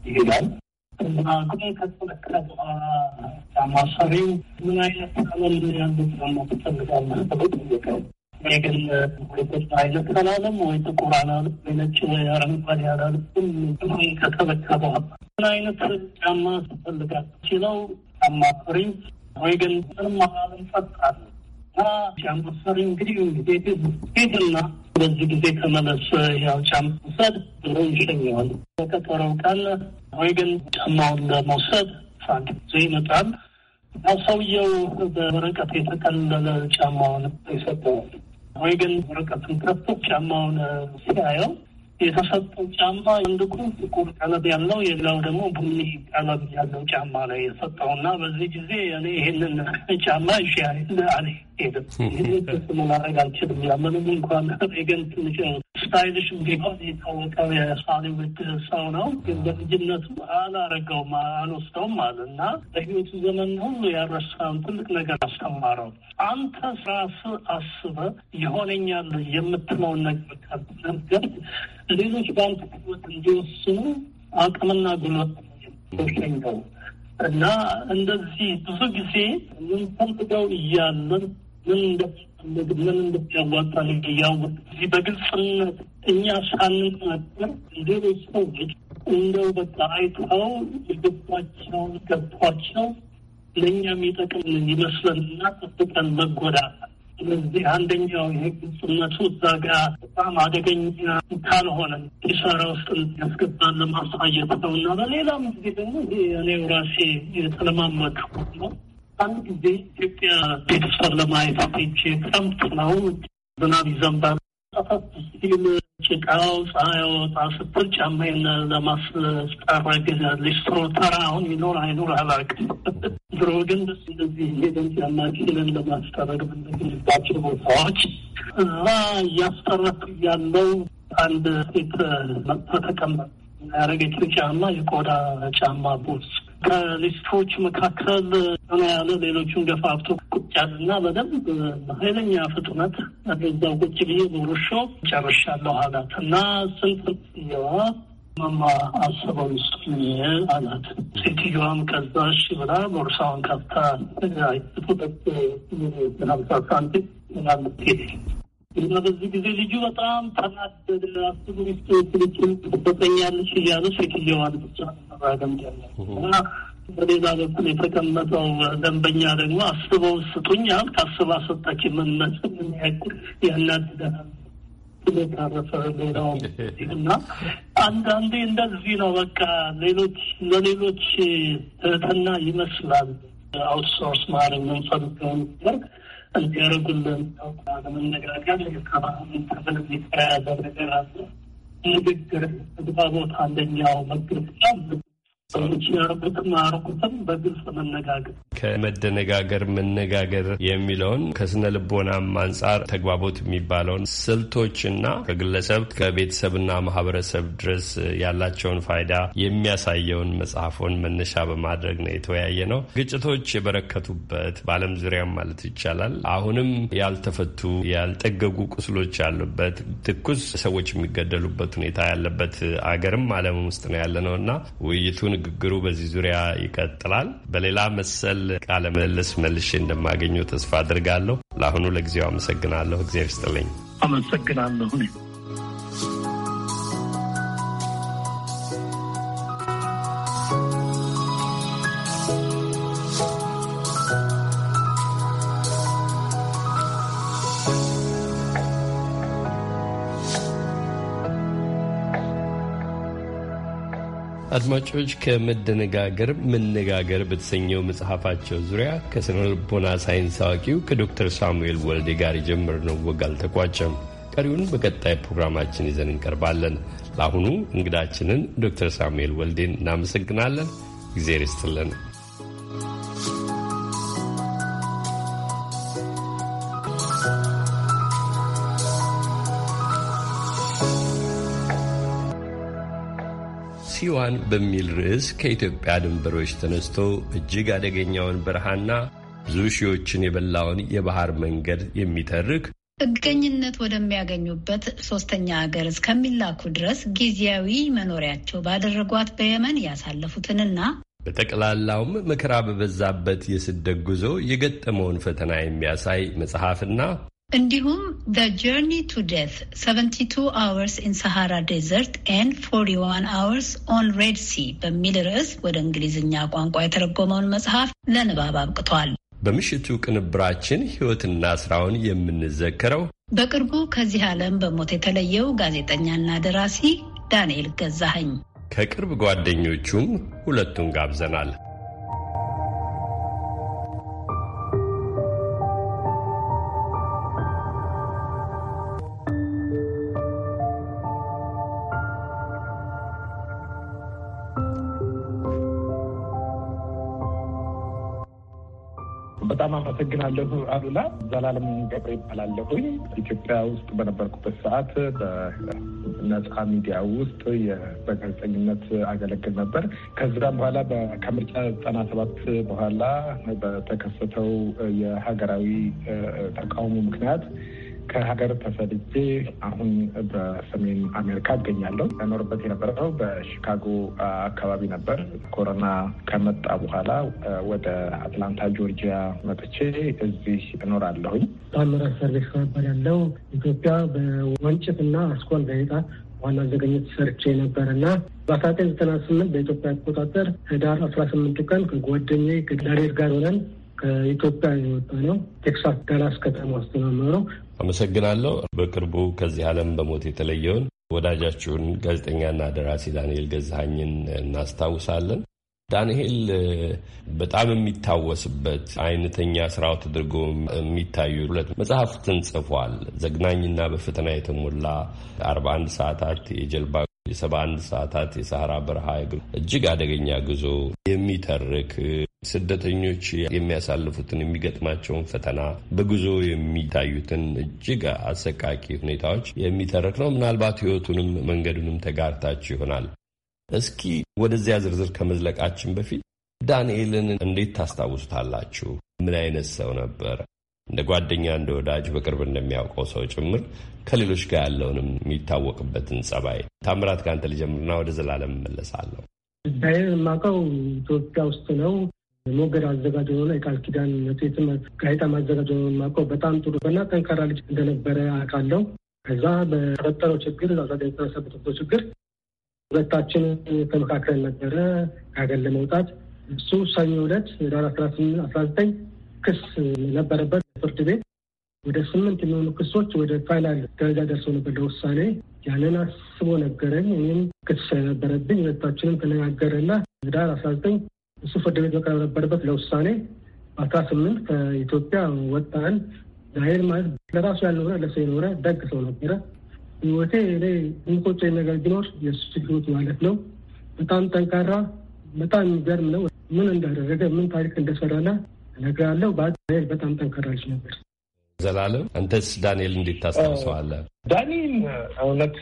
ይሄዳል እና ግን ከተመለከተ በኋላ ጫማ ሰሪው ምን አይነት ቀለም ያሉ ጫማ ትፈልጋለህ ብሎ ጠየቀው። የግል አላለም ወይ ጥቁር አላለም ወይ ነጭ ወይ አረንጓዴ አላለም። በኋላ ምን አይነት ጫማ ትፈልጋል ሲለው ጫማ ፍሪ ወይ ግን ምንም አላለም ፈጣል እንግዲህ በዚህ ጊዜ ተመለስ ያው ጫማ ብሎ ይሸኘዋል። በቀጠረው ቃል ወይ ግን ጫማውን ለመውሰድ አንድ ጊዜ ይመጣል። ሰውየው በወረቀት የተቀለለ ጫማውን ይሰጠዋል። ወይ ግን ወረቀቱን ፕሮስቶች ጫማውን ሲያየው የተሰጠው ጫማ አንድ ጥቁር ቀለም ያለው የሌላው ደግሞ ቡኒ ቀለም ያለው ጫማ ነው የሰጠው እና በዚህ ጊዜ እኔ ይህንን ጫማ እሺ አልሄድም፣ ማድረግ አልችልም። ያምንም እንኳን ትንሽ ስታይልሽ ቢሆን የታወቀው የሳሊውድ ሰው ነው፣ ግን በልጅነቱ አላረገውም አልወስደውም አለ እና በህይወቱ ዘመን ሁሉ ትልቅ ነገር አስተማረው። አንተ ይሆነኛል የምትለውን ነገር ሌሎች ባንክ እንዲወስኑ አቅምና ጉልበት ሸኘው እና እንደዚህ ብዙ ጊዜ ምን ምንፈልገው እያለን ምን እንደፈለግ ምን እንደሚያዋጣን እያወቅ እዚህ በግልጽነት እኛ ሳንናገር ሌሎች ሰዎች እንደው በቃ አይተው የገባቸው ገባቸው ለእኛ ይመስለን እና ጠብቀን መጎዳት ስለዚህ አንደኛው የህግ ጽነቱ እዛ ጋ በጣም አደገኛ ካልሆነ ኪሳራ ውስጥ ያስገባን ለማሳየት ነው እና በሌላም ጊዜ ደግሞ እኔው ራሴ የተለማመድኩት ነው። አንድ ጊዜ ኢትዮጵያ ቤተሰብ ለማየት ቼ ክረምት ነው ዝናብ ይዘንባል። ጠፈት ሲል ጭቃው ፀሐይ ወጣ ስትል ጫማዬን ለማስጠረግ ሊስትሮ ተራ አሁን ይኖር አይኖር አላውቅም። ድሮ ግን እንደዚህ ሄደን ጫማችንን ለማስጠረግ ምንግባቸው ቦታዎች እዛ እያስጠረኩ ያለው አንድ ሴት መጥቶ ተቀመጠ። ያደረገችው ጫማ የቆዳ ጫማ ቦትስ ከሊስቶች መካከል ሆነ ያለ ሌሎቹን ገፋፍቶ ቁጭ ያልና በደንብ ኃይለኛ ፍጥነት እዛው ቁጭ ብዬ ኖርሾ ጨርሻለሁ አላት እና ስንት ዋ ማማ አስበው ስጡኝ አላት። ሴትዮዋም ከዛሽ ብላ ቦርሳውን ከፍታ ሁለት ሀምሳ ሳንቲም ምናምን እና በዚህ ጊዜ ልጁ በጣም ተናደደ። አስቡ ሚስቱ ስልጭ ትበቀኛለች እያሉ ሴትየዋን ብቻ ማራገም እና በሌላ በኩል የተቀመጠው ደንበኛ ደግሞ አስበው ስጡኝ አል ከአስባ ሰጣች የምንመጽ የሚያክል ያናድደናል ስለታረፈ ሌላው እና አንዳንዴ እንደዚህ ነው። በቃ ሌሎች ለሌሎች ትህትና ይመስላል አውትሶርስ ማድረግ መንፈልገውን ነገር እንዲያደርጉልን ከመነጋገር ጋር የተያያዘ ነገር አለ። ንግግር ቦታ አንደኛው መግለጫ ሰዎችን ያረጉትም አረጉትም በግልጽ መነጋገር ከመደነጋገር መነጋገር የሚለውን ከስነ ልቦናም አንጻር ተግባቦት የሚባለውን ስልቶችና ከግለሰብ ከቤተሰብና ማህበረሰብ ድረስ ያላቸውን ፋይዳ የሚያሳየውን መጽሐፎን መነሻ በማድረግ ነው የተወያየ ነው። ግጭቶች የበረከቱበት በዓለም ዙሪያም ማለት ይቻላል አሁንም ያልተፈቱ ያልጠገጉ ቁስሎች ያሉበት ትኩስ ሰዎች የሚገደሉበት ሁኔታ ያለበት አገርም ዓለም ውስጥ ነው ያለ ነው እና ውይይቱን ንግግሩ በዚህ ዙሪያ ይቀጥላል። በሌላ መሰል ቃለ ምልልስ መልሼ እንደማገኘው ተስፋ አድርጋለሁ። ለአሁኑ ለጊዜው አመሰግናለሁ። እግዚአብሔር ይስጥልኝ። አመሰግናለሁ። አድማጮች ከመደነጋገር መነጋገር በተሰኘው መጽሐፋቸው ዙሪያ ከስነ ልቦና ሳይንስ አዋቂው ከዶክተር ሳሙኤል ወልዴ ጋር የጀመርነው ወግ አልተቋጨም። ቀሪውን በቀጣይ ፕሮግራማችን ይዘን እንቀርባለን። ለአሁኑ እንግዳችንን ዶክተር ሳሙኤል ወልዴን እናመሰግናለን። እግዜር ይስጥልን። ሲዋን በሚል ርዕስ ከኢትዮጵያ ድንበሮች ተነስቶ እጅግ አደገኛውን በረሃና ብዙ ሺዎችን የበላውን የባህር መንገድ የሚተርክ ጥገኝነት ወደሚያገኙበት ሶስተኛ ሀገር እስከሚላኩ ድረስ ጊዜያዊ መኖሪያቸው ባደረጓት በየመን ያሳለፉትንና በጠቅላላውም መከራ በበዛበት የስደት ጉዞ የገጠመውን ፈተና የሚያሳይ መጽሐፍና እንዲሁም ዘ ጆርኒ ቱ ዴት 72 አወርስ ኢን ሰሃራ ዴዘርት ኤንድ 41 አወርስ ኦን ሬድ ሲ በሚል ርዕስ ወደ እንግሊዝኛ ቋንቋ የተረጎመውን መጽሐፍ ለንባብ አብቅቷል። በምሽቱ ቅንብራችን ሕይወትና ስራውን የምንዘከረው በቅርቡ ከዚህ ዓለም በሞት የተለየው ጋዜጠኛና ደራሲ ዳንኤል ገዛኸኝ ከቅርብ ጓደኞቹም ሁለቱን ጋብዘናል። አመሰግናለሁ አሉላ። ዘላለም ገብረ ይባላለሁኝ። ኢትዮጵያ ውስጥ በነበርኩበት ሰዓት በነጻ ሚዲያ ውስጥ በጋዜጠኝነት አገለግል ነበር። ከዛም በኋላ ከምርጫ ዘጠና ሰባት በኋላ በተከሰተው የሀገራዊ ተቃውሞ ምክንያት ከሀገር ተሰድጄ አሁን በሰሜን አሜሪካ እገኛለሁ። ያኖርበት የነበረው በሺካጎ አካባቢ ነበር። ኮሮና ከመጣ በኋላ ወደ አትላንታ ጆርጂያ መጥቼ እዚህ እኖራለሁኝ። ታምራት ሰርቪስ ከመባል ያለው ኢትዮጵያ እና አስኳል ጋዜጣ ዋና ዘገኘት ሰርቼ ነበር በአስራ ዘጠኝ ዘጠና ስምንት በኢትዮጵያ አቆጣጠር ህዳር አስራ ስምንቱ ቀን ከጓደኛዬ ከዳሬድ ጋር ሆነን ከኢትዮጵያ የወጣ ነው። ቴክሳስ ዳላስ ከተማ አስተማመረ ነው። አመሰግናለሁ። በቅርቡ ከዚህ ዓለም በሞት የተለየውን ወዳጃችሁን ጋዜጠኛና ደራሲ ዳንኤል ገዛሀኝን እናስታውሳለን። ዳንኤል በጣም የሚታወስበት አይነተኛ ስራው ተደርጎ የሚታዩ ሁለት መጽሐፍትን ጽፏል። ዘግናኝና በፈተና የተሞላ 41 ሰዓታት የጀልባ የሰባ አንድ ሰዓታት የሰሐራ በረሃ እጅግ አደገኛ ጉዞ የሚተርክ ስደተኞች የሚያሳልፉትን የሚገጥማቸውን ፈተና በጉዞ የሚታዩትን እጅግ አሰቃቂ ሁኔታዎች የሚተርክ ነው። ምናልባት ሕይወቱንም መንገዱንም ተጋርታችሁ ይሆናል። እስኪ ወደዚያ ዝርዝር ከመዝለቃችን በፊት ዳንኤልን እንዴት ታስታውሱታላችሁ? ምን አይነት ሰው ነበር? እንደ ጓደኛ እንደ ወዳጅ በቅርብ እንደሚያውቀው ሰው ጭምር ከሌሎች ጋር ያለውንም የሚታወቅበትን ጸባይ ታምራት ከአንተ ልጀምርና ወደ ዘላለም መለሳለሁ። ዳይን የማውቀው ኢትዮጵያ ውስጥ ነው። ሞገድ አዘጋጅ ሆኖ የቃል ኪዳን ትምህርት ጋዜጣ ማዘጋጅ ሆኖ የማውቀው በጣም ጥሩ እና ጠንካራ ልጅ እንደነበረ አውቃለሁ። ከዛ በተፈጠረው ችግር ዛዛደሰበተቶ ችግር ሁለታችን ተመካክረን ነበረ ከሀገር ለመውጣት እሱ ሰኞ ዕለት ዳር አስራ ስምንት አስራ ዘጠኝ ክስ ነበረበት ፍርድ ቤት ወደ ስምንት የሚሆኑ ክሶች ወደ ፋይናል ደረጃ ደርሰው ነበር ለውሳኔ። ያንን አስቦ ነገረኝ። እኔም ክስ ስለነበረብኝ ሁለታችንም ተነጋገረና ህዳር አስራ ዘጠኝ እሱ ፍርድ ቤት መቅረብ ነበረበት ለውሳኔ። አስራ ስምንት ከኢትዮጵያ ወጣን። ዛሄል ማለት ለራሱ ያልኖረ ለሰው የኖረ ደግ ሰው ነበረ። ህይወቴ እኔ የሚቆጨኝ ነገር ቢኖር የእሱ ህይወት ማለት ነው። በጣም ጠንካራ፣ በጣም የሚገርም ነው። ምን እንዳደረገ ምን ታሪክ እንደሰራና እነግርሃለሁ። በአጠቃላይ በጣም ጠንከራለች ነበር። ዘላለም አንተስ ዳንኤል እንዴት ታስታውሰዋለህ? ዳንኤል እውነት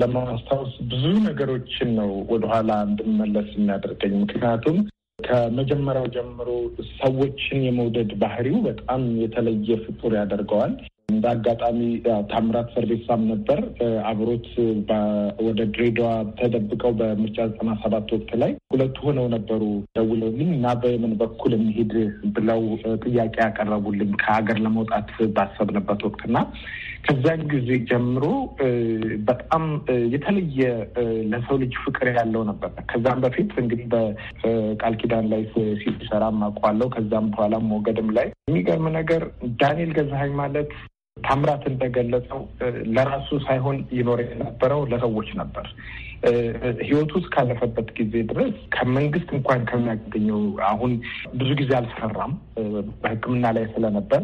ለማስታወስ ብዙ ነገሮችን ነው ወደኋላ እንድመለስ የሚያደርገኝ ምክንያቱም ከመጀመሪያው ጀምሮ ሰዎችን የመውደድ ባህሪው በጣም የተለየ ፍጡር ያደርገዋል። እንደ አጋጣሚ ታምራት ሰርቤሳም ነበር አብሮት ወደ ድሬዳዋ ተደብቀው በምርጫ ዘጠና ሰባት ወቅት ላይ ሁለቱ ሆነው ነበሩ። ደውለውልኝ እና በየምን በኩል የሚሄድ ብለው ጥያቄ ያቀረቡልኝ ከሀገር ለመውጣት ባሰብንበት ወቅትና ከዛን ጊዜ ጀምሮ በጣም የተለየ ለሰው ልጅ ፍቅር ያለው ነበር። ከዛም በፊት እንግዲህ በቃል ኪዳን ላይ ሲሰራ ማቋለው ከዛም በኋላ ሞገድም ላይ የሚገርም ነገር ዳንኤል ገዛሀኝ ማለት ታምራት እንደገለጸው ለራሱ ሳይሆን ይኖር የነበረው ለሰዎች ነበር። ህይወቱ እስካለፈበት ጊዜ ድረስ ከመንግስት እንኳን ከሚያገኘው አሁን ብዙ ጊዜ አልሰራም። በህክምና ላይ ስለነበር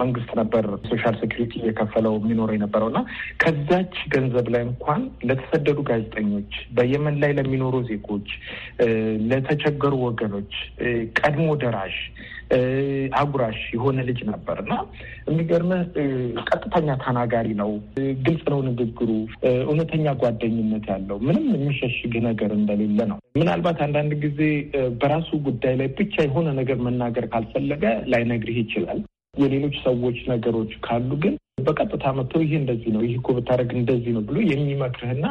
መንግስት ነበር ሶሻል ሴኩሪቲ እየከፈለው የሚኖረው የነበረው እና ከዛች ገንዘብ ላይ እንኳን ለተሰደዱ ጋዜጠኞች፣ በየመን ላይ ለሚኖሩ ዜጎች፣ ለተቸገሩ ወገኖች ቀድሞ ደራሽ አጉራሽ የሆነ ልጅ ነበር እና የሚገርምህ ቀጥተኛ ተናጋሪ ነው። ግልጽ ነው ንግግሩ፣ እውነተኛ ጓደኝነት ያለው ምን ምንም የሚሸሽግ ነገር እንደሌለ ነው። ምናልባት አንዳንድ ጊዜ በራሱ ጉዳይ ላይ ብቻ የሆነ ነገር መናገር ካልፈለገ ላይነግርህ ይችላል። የሌሎች ሰዎች ነገሮች ካሉ ግን በቀጥታ መጥቶ ይህ እንደዚህ ነው፣ ይህ እኮ ብታደርግ እንደዚህ ነው ብሎ የሚመክርህና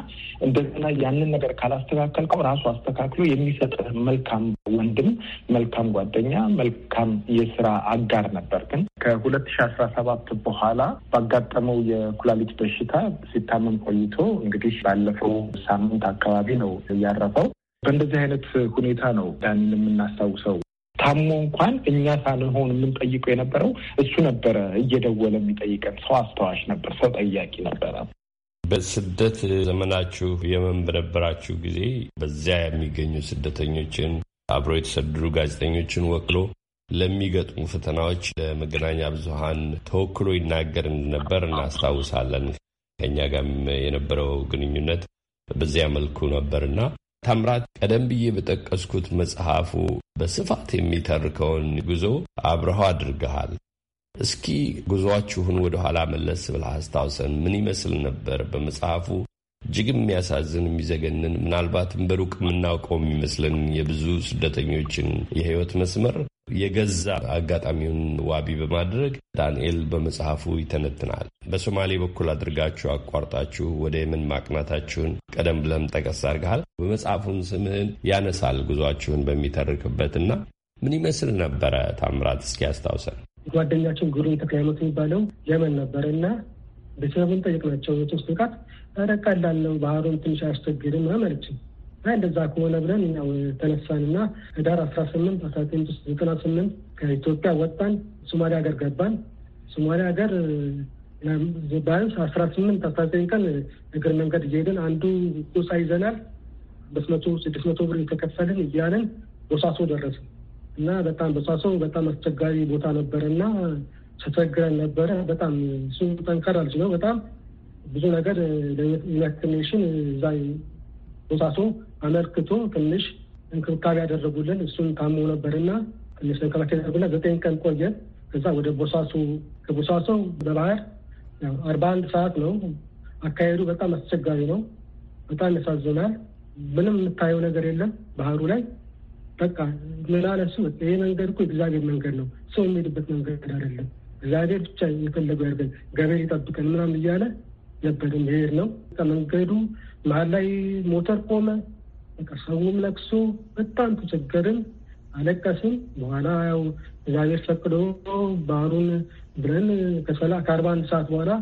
እንደገና ያንን ነገር ካላስተካከልከው ራሱ አስተካክሎ የሚሰጥህ መልካም ወንድም፣ መልካም ጓደኛ፣ መልካም የስራ አጋር ነበር። ግን ከሁለት ሺ አስራ ሰባት በኋላ ባጋጠመው የኩላሊት በሽታ ሲታመም ቆይቶ እንግዲህ ባለፈው ሳምንት አካባቢ ነው ያረፈው። በእንደዚህ አይነት ሁኔታ ነው ዳኒን የምናስታውሰው። ታሞ እንኳን እኛ ሳንሆን የምንጠይቀው የነበረው እሱ ነበረ። እየደወለ የሚጠይቀን ሰው አስተዋሽ ነበር፣ ሰው ጠያቂ ነበረ። በስደት ዘመናችሁ የመን ጊዜ በዚያ የሚገኙ ስደተኞችን አብሮ የተሰደዱ ጋዜጠኞችን ወክሎ ለሚገጥሙ ፈተናዎች ለመገናኛ ብዙኃን ተወክሎ ይናገር እንደነበር እናስታውሳለን። ከእኛ ጋርም የነበረው ግንኙነት በዚያ መልኩ ነበርና ታምራት ቀደም ብዬ በጠቀስኩት መጽሐፉ በስፋት የሚተርከውን ጉዞ አብረኸው አድርገሃል። እስኪ ጉዞአችሁን ወደ ኋላ መለስ ብለህ አስታውሰን፣ ምን ይመስል ነበር? በመጽሐፉ እጅግ የሚያሳዝን የሚዘገንን፣ ምናልባትም በሩቅ የምናውቀው የሚመስለን የብዙ ስደተኞችን የህይወት መስመር የገዛ አጋጣሚውን ዋቢ በማድረግ ዳንኤል በመጽሐፉ ይተነትናል። በሶማሌ በኩል አድርጋችሁ አቋርጣችሁ ወደ የመን ማቅናታችሁን ቀደም ብለም ጠቀስ አድርገሃል። በመጽሐፉን ስምህን ያነሳል ጉዟችሁን በሚተርክበትና ምን ይመስል ነበረ ታምራት? እስኪ ያስታውሰን። ጓደኛችን ጉሩ ተክለሃይማኖት የሚባለው የመን ነበር እና ቤተሰቡን ጠየቅናቸው። ሶስት ቃት ረቃላለው ባህሩን ትንሽ አያስቸግርም አለችን እንደዛ ከሆነ ብለን እኛው ተነሳን እና ህዳር አስራ ስምንት አስራ ዘጠኝ ውስጥ ዘጠና ስምንት ከኢትዮጵያ ወጣን። ሶማሊያ ሀገር ገባን። ሶማሊያ ሀገር ቢያንስ አስራ ስምንት አስራ ዘጠኝ ቀን እግር መንገድ እየሄድን አንዱ ጎሳ ይዘናል አምስት መቶ ስድስት መቶ ብር የተከፈልን እያለን ቦሳሶ ደረስን እና በጣም ቦሳሶ በጣም አስቸጋሪ ቦታ ነበረ እና ተቸግረን ነበረ። በጣም እሱ ጠንከር ልጅ ነው። በጣም ብዙ ነገር ኢናክቲኔሽን እዛ ቦሳሶ አመልክቶ ትንሽ እንክብካቤ ያደረጉልን። እሱን ታሞ ነበርና ትንሽ እንክብካቤ ያደረጉልን። ዘጠኝ ቀን ቆየ። ከዛ ወደ ቦሳሶ ከቦሳሶ በባህር አርባ አንድ ሰዓት ነው። አካሄዱ በጣም አስቸጋሪ ነው። በጣም ያሳዝናል። ምንም የምታየው ነገር የለም ባህሩ ላይ በቃ ምላለሱ ይሄ መንገድ እኮ እግዚአብሔር መንገድ ነው፣ ሰው የሚሄድበት መንገድ አይደለም። እግዚአብሔር ብቻ የፈለገው ያድርገን፣ ገበሬ ይጠብቀን ምናምን እያለ ነበር የሚሄድ ነው። መንገዱ መሀል ላይ ሞተር ቆመ። በቃ ሰውም ለቅሶ በጣም ተቸገርን፣ አለቀስን። በኋላ ያው እግዚአብሔር ፈቅዶ ባህሩን ብለን ከሰላ ከአርባ አንድ ሰዓት በኋላ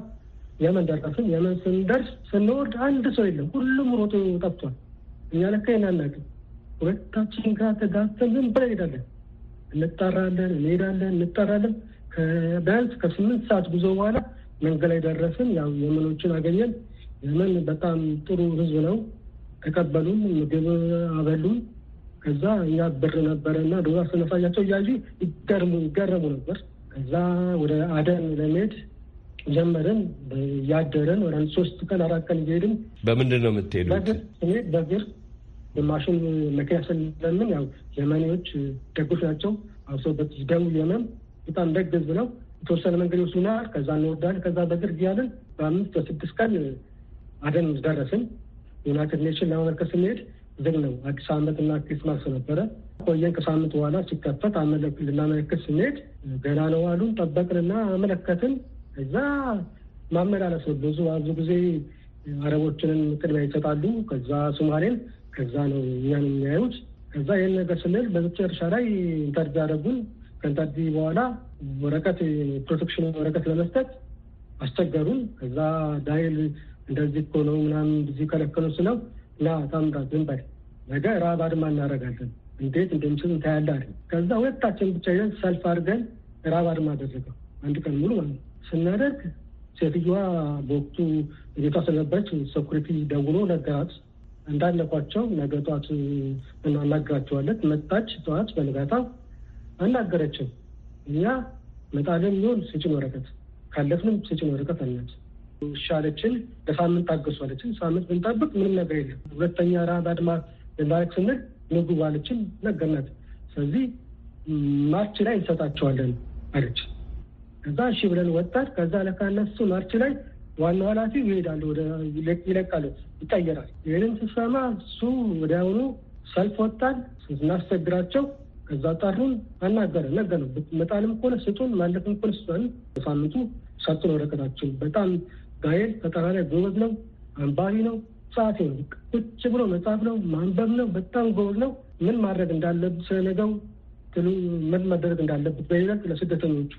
የመን ደረስን። የመን ስንደርስ ስንወርድ አንድ ሰው የለም፣ ሁሉም ሮጦ ጠፍቷል። እኛ ለካ ይናናቅም ሁለታችን ጋር ተጋተን ዝም ብለን ሄዳለን፣ እንጠራለን፣ እንሄዳለን፣ እንጠራለን። ቢያንስ ከስምንት ሰዓት ጉዞ በኋላ መንገድ ላይ ደረስን። ያው የመኖችን አገኘን። የመን በጣም ጥሩ ህዝብ ነው። ተቀበሉን፣ ምግብ አበሉን። ከዛ እኛ ብር እና ዶላር ስነሳያቸው እያዩ ይገርሙ ይገረሙ ነበር። ከዛ ወደ አደን ለመሄድ ጀመርን። እያደረን ወደ ሶስት ቀን አራት ቀን እየሄድን። በምንድን ነው የምትሄዱት? በእግር ግማሹን መኪና ስለምን ያው የመኔዎች ደጎች ናቸው። አብሶ ደቡብ የመን በጣም ደግ ህዝብ ነው። የተወሰነ መንገድ ይወስዱናል። ከዛ እንወርዳለን። ከዛ በእግር እያለን በአምስት በስድስት ቀን አደን ደረስን። ዩናይትድ ኔሽን ለመመልከት ስንሄድ ዝግ ነው። አዲስ ዓመት እና ክሪስማስ ነበረ። ቆየን። ከሳምንት በኋላ ሲከፈት ልናመለክት ስንሄድ ገና ነው አሉን። ጠበቅንና አመለከትን። እዛ ማመላለስ ነው። ብዙ ብዙ ጊዜ አረቦችንን ቅድሚያ ይሰጣሉ፣ ከዛ ሶማሌን፣ ከዛ ነው እኛን የሚያዩት። ከዛ ይህን ነገር ስንል በመጨረሻ ላይ ኢንተርቪ አደረጉን። ከኢንተርቪ በኋላ ወረቀት ፕሮቴክሽን ወረቀት ለመስጠት አስቸገሩን። ከዛ ዳይል እንደዚህ እኮ ነው ምናምን ብዙ ከለከሉ ስለው ና ታምራ ዝም ነገ ረሃብ አድማ እናደርጋለን እንዴት እንደምችል እንታያለ አለ። ከዛ ሁለታችን ብቻ ይዘን ሰልፍ አድርገን ረሃብ አድማ አደረገው አንድ ቀን ሙሉ ማለት ነው። ስናደርግ ሴትዮዋ በወቅቱ ቤቷ ስለነበረች ሰኩሪቲ ደውሎ ነገራት። እንዳለኳቸው ነገ ጠዋት እናናግራቸዋለን። መጣች ጠዋት በንጋታ አናገረችም። እኛ መጣልን ይሁን ስጭን ወረቀት ካለፍንም ስጭን ወረቀት አልናት ሻለችን ለሳምንት ታገሱ አለችን። ሳምንት ብንጠብቅ ምንም ነገር የለም። ሁለተኛ ረሃብ አድማ ልናደርግ ስንል ምግብ አለችን ነገርናት። ስለዚህ ማርች ላይ እንሰጣቸዋለን አለች። ከዛ እሺ ብለን ወጣት። ከዛ ለካ እነሱ ማርች ላይ ዋናው ኃላፊ ይሄዳሉ፣ ወደ ይለቃል፣ ይቀየራል። ይህንን ስሰማ እሱ ወዲያውኑ ሰልፍ ወጣል ስናስቸግራቸው ከዛ ጠሩን፣ አናገረ ነገር ነው መጣልም ኮነ ስጡን ማለፍም ኮነ ስጡን ሳምንቱ ሰጡን ወረቀታችን በጣም ጋየል ፈጠራ ላይ ጎበዝ ነው፣ አንባቢ ነው፣ ጸሐፊ ነው። ቁጭ ብሎ መጽሐፍ ነው፣ ማንበብ ነው። በጣም ጎበዝ ነው። ምን ማድረግ እንዳለብ ስለነገው ትሉ ምን መደረግ እንዳለበት በይበልጥ ለስደተኞቹ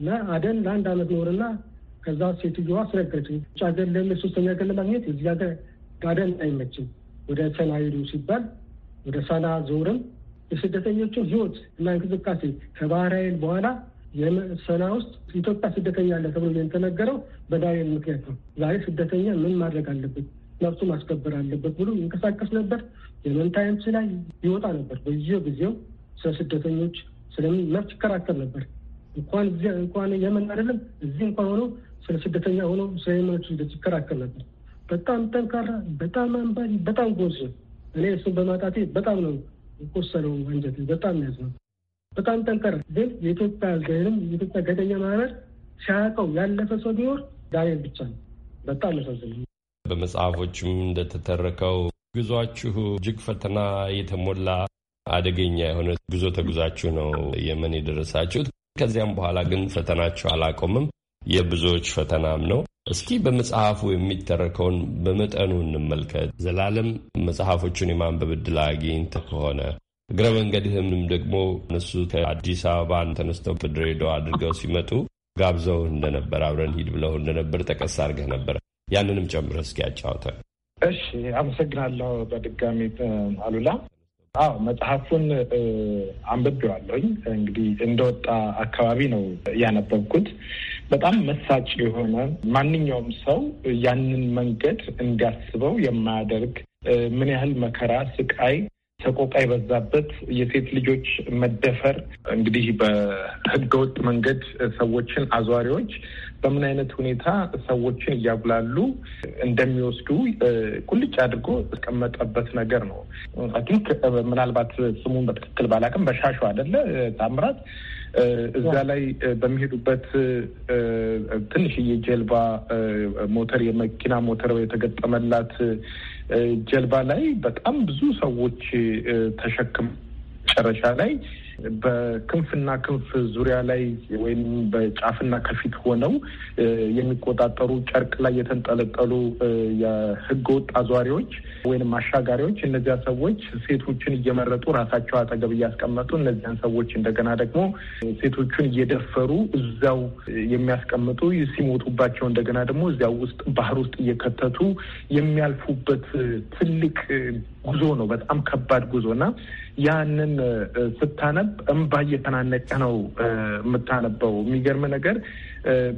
እና አደን ለአንድ አመት ኖርና ከዛ ሴትዮዋ አስረገች። ውጭ ሀገር ለምን ሶስተኛ ገር ለማግኘት እዚህ ሀገር ጋደን አይመችም፣ ወደ ሰና ሂዱ ሲባል ወደ ሰና ዞርም የስደተኞቹን ህይወት እና እንቅስቃሴ ከባህር ኃይል በኋላ የሰና ውስጥ ኢትዮጵያ ስደተኛ አለ ተብሎ የተነገረው በዳይን ምክንያት ነው። ዛሬ ስደተኛ ምን ማድረግ አለበት፣ መብቱ ማስከበር አለበት ብሎ ይንቀሳቀስ ነበር። የመንታ ኤምሲ ላይ ይወጣ ነበር። በየ ጊዜው ስለ ስደተኞች ስለምን መብት ይከራከር ነበር። እንኳን እዚያ እንኳን የመን አይደለም እዚህ እንኳን ሆኖ ስለ ስደተኛ ሆኖ ስለ የመኖች ስደት ይከራከር ነበር። በጣም ጠንካራ፣ በጣም አንባቢ፣ በጣም ጎዝ። እኔ እሱን በማጣቴ በጣም ነው የቆሰለው አንጀቴ፣ በጣም ያዝ ነው በጣም ጠንከር ግን የኢትዮጵያ ወይም የኢትዮጵያ ገደኛ ማህበር ሲያቀው ያለፈ ሰው ቢኖር ዳንኤል ብቻ ነው። በጣም ያሳዝነ። በመጽሐፎችም እንደተተረከው ጉዟችሁ እጅግ ፈተና የተሞላ አደገኛ የሆነ ጉዞ ተጉዛችሁ ነው የመን የደረሳችሁት። ከዚያም በኋላ ግን ፈተናችሁ አላቆምም፣ የብዙዎች ፈተናም ነው። እስኪ በመጽሐፉ የሚተረከውን በመጠኑ እንመልከት። ዘላለም መጽሐፎቹን የማንበብ ዕድል አግኝተህ ከሆነ እግረ መንገድህም ደግሞ እነሱ ከአዲስ አበባ ተነስተው ድሬዳዋ አድርገው ሲመጡ ጋብዘው እንደነበር አብረን ሂድ ብለው እንደነበር ጠቀስ አድርገህ ነበር። ያንንም ጨምረ እስኪ ያጫውተን። እሺ፣ አመሰግናለሁ በድጋሚ አሉላ። አዎ መጽሐፉን አንብቤዋለሁኝ። እንግዲህ እንደወጣ አካባቢ ነው ያነበብኩት። በጣም መሳጭ የሆነ ማንኛውም ሰው ያንን መንገድ እንዲያስበው የማያደርግ ምን ያህል መከራ፣ ስቃይ ሰቆቃ የበዛበት የሴት ልጆች መደፈር እንግዲህ በህገወጥ መንገድ ሰዎችን አዟሪዎች በምን አይነት ሁኔታ ሰዎችን እያጉላሉ እንደሚወስዱ ቁልጭ አድርጎ ተቀመጠበት ነገር ነው። አይ ምናልባት ስሙን በትክክል ባላቅም በሻሹ አይደለ ታምራት እዛ ላይ በሚሄዱበት ትንሽዬ ጀልባ ሞተር የመኪና ሞተር የተገጠመላት ጀልባ ላይ በጣም ብዙ ሰዎች ተሸክም መጨረሻ ላይ በክንፍና ክንፍ ዙሪያ ላይ ወይም በጫፍና ከፊት ሆነው የሚቆጣጠሩ ጨርቅ ላይ የተንጠለጠሉ ወጥ አዟሪዎች ወይም አሻጋሪዎች፣ እነዚያ ሰዎች ሴቶችን እየመረጡ ራሳቸው አጠገብ እያስቀመጡ እነዚያን ሰዎች እንደገና ደግሞ ሴቶቹን እየደፈሩ እዛው የሚያስቀምጡ ሲሞቱባቸው እንደገና ደግሞ እዚያው ውስጥ ባህር ውስጥ እየከተቱ የሚያልፉበት ትልቅ ጉዞ ነው። በጣም ከባድ ጉዞ እና ያንን ስታነብ እምባ እየተናነቀ ነው የምታነበው። የሚገርም ነገር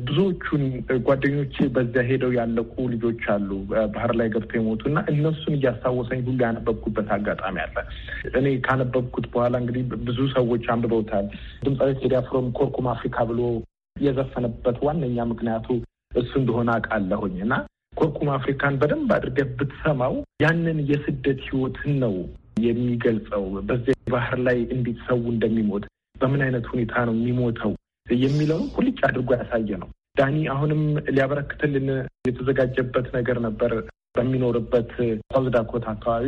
ብዙዎቹን ጓደኞቼ በዚያ ሄደው ያለቁ ልጆች አሉ ባህር ላይ ገብተው የሞቱ እና እነሱን እያስታወሰኝ ሁሉ ያነበብኩበት አጋጣሚ አለ። እኔ ካነበብኩት በኋላ እንግዲህ ብዙ ሰዎች አንብበውታል። ድምፃዊ ቴዲ አፍሮም ኮርኩም አፍሪካ ብሎ የዘፈነበት ዋነኛ ምክንያቱ እሱ እንደሆነ አውቃለሁኝ እና ኮርኩም አፍሪካን በደንብ አድርገህ ብትሰማው ያንን የስደት ህይወትን ነው የሚገልጸው በዚያ ባህር ላይ እንዴት ሰው እንደሚሞት በምን አይነት ሁኔታ ነው የሚሞተው የሚለውን ሁልጭ አድርጎ ያሳየ ነው። ዳኒ አሁንም ሊያበረክትልን የተዘጋጀበት ነገር ነበር። በሚኖርበት ሳውዝ አካባቢ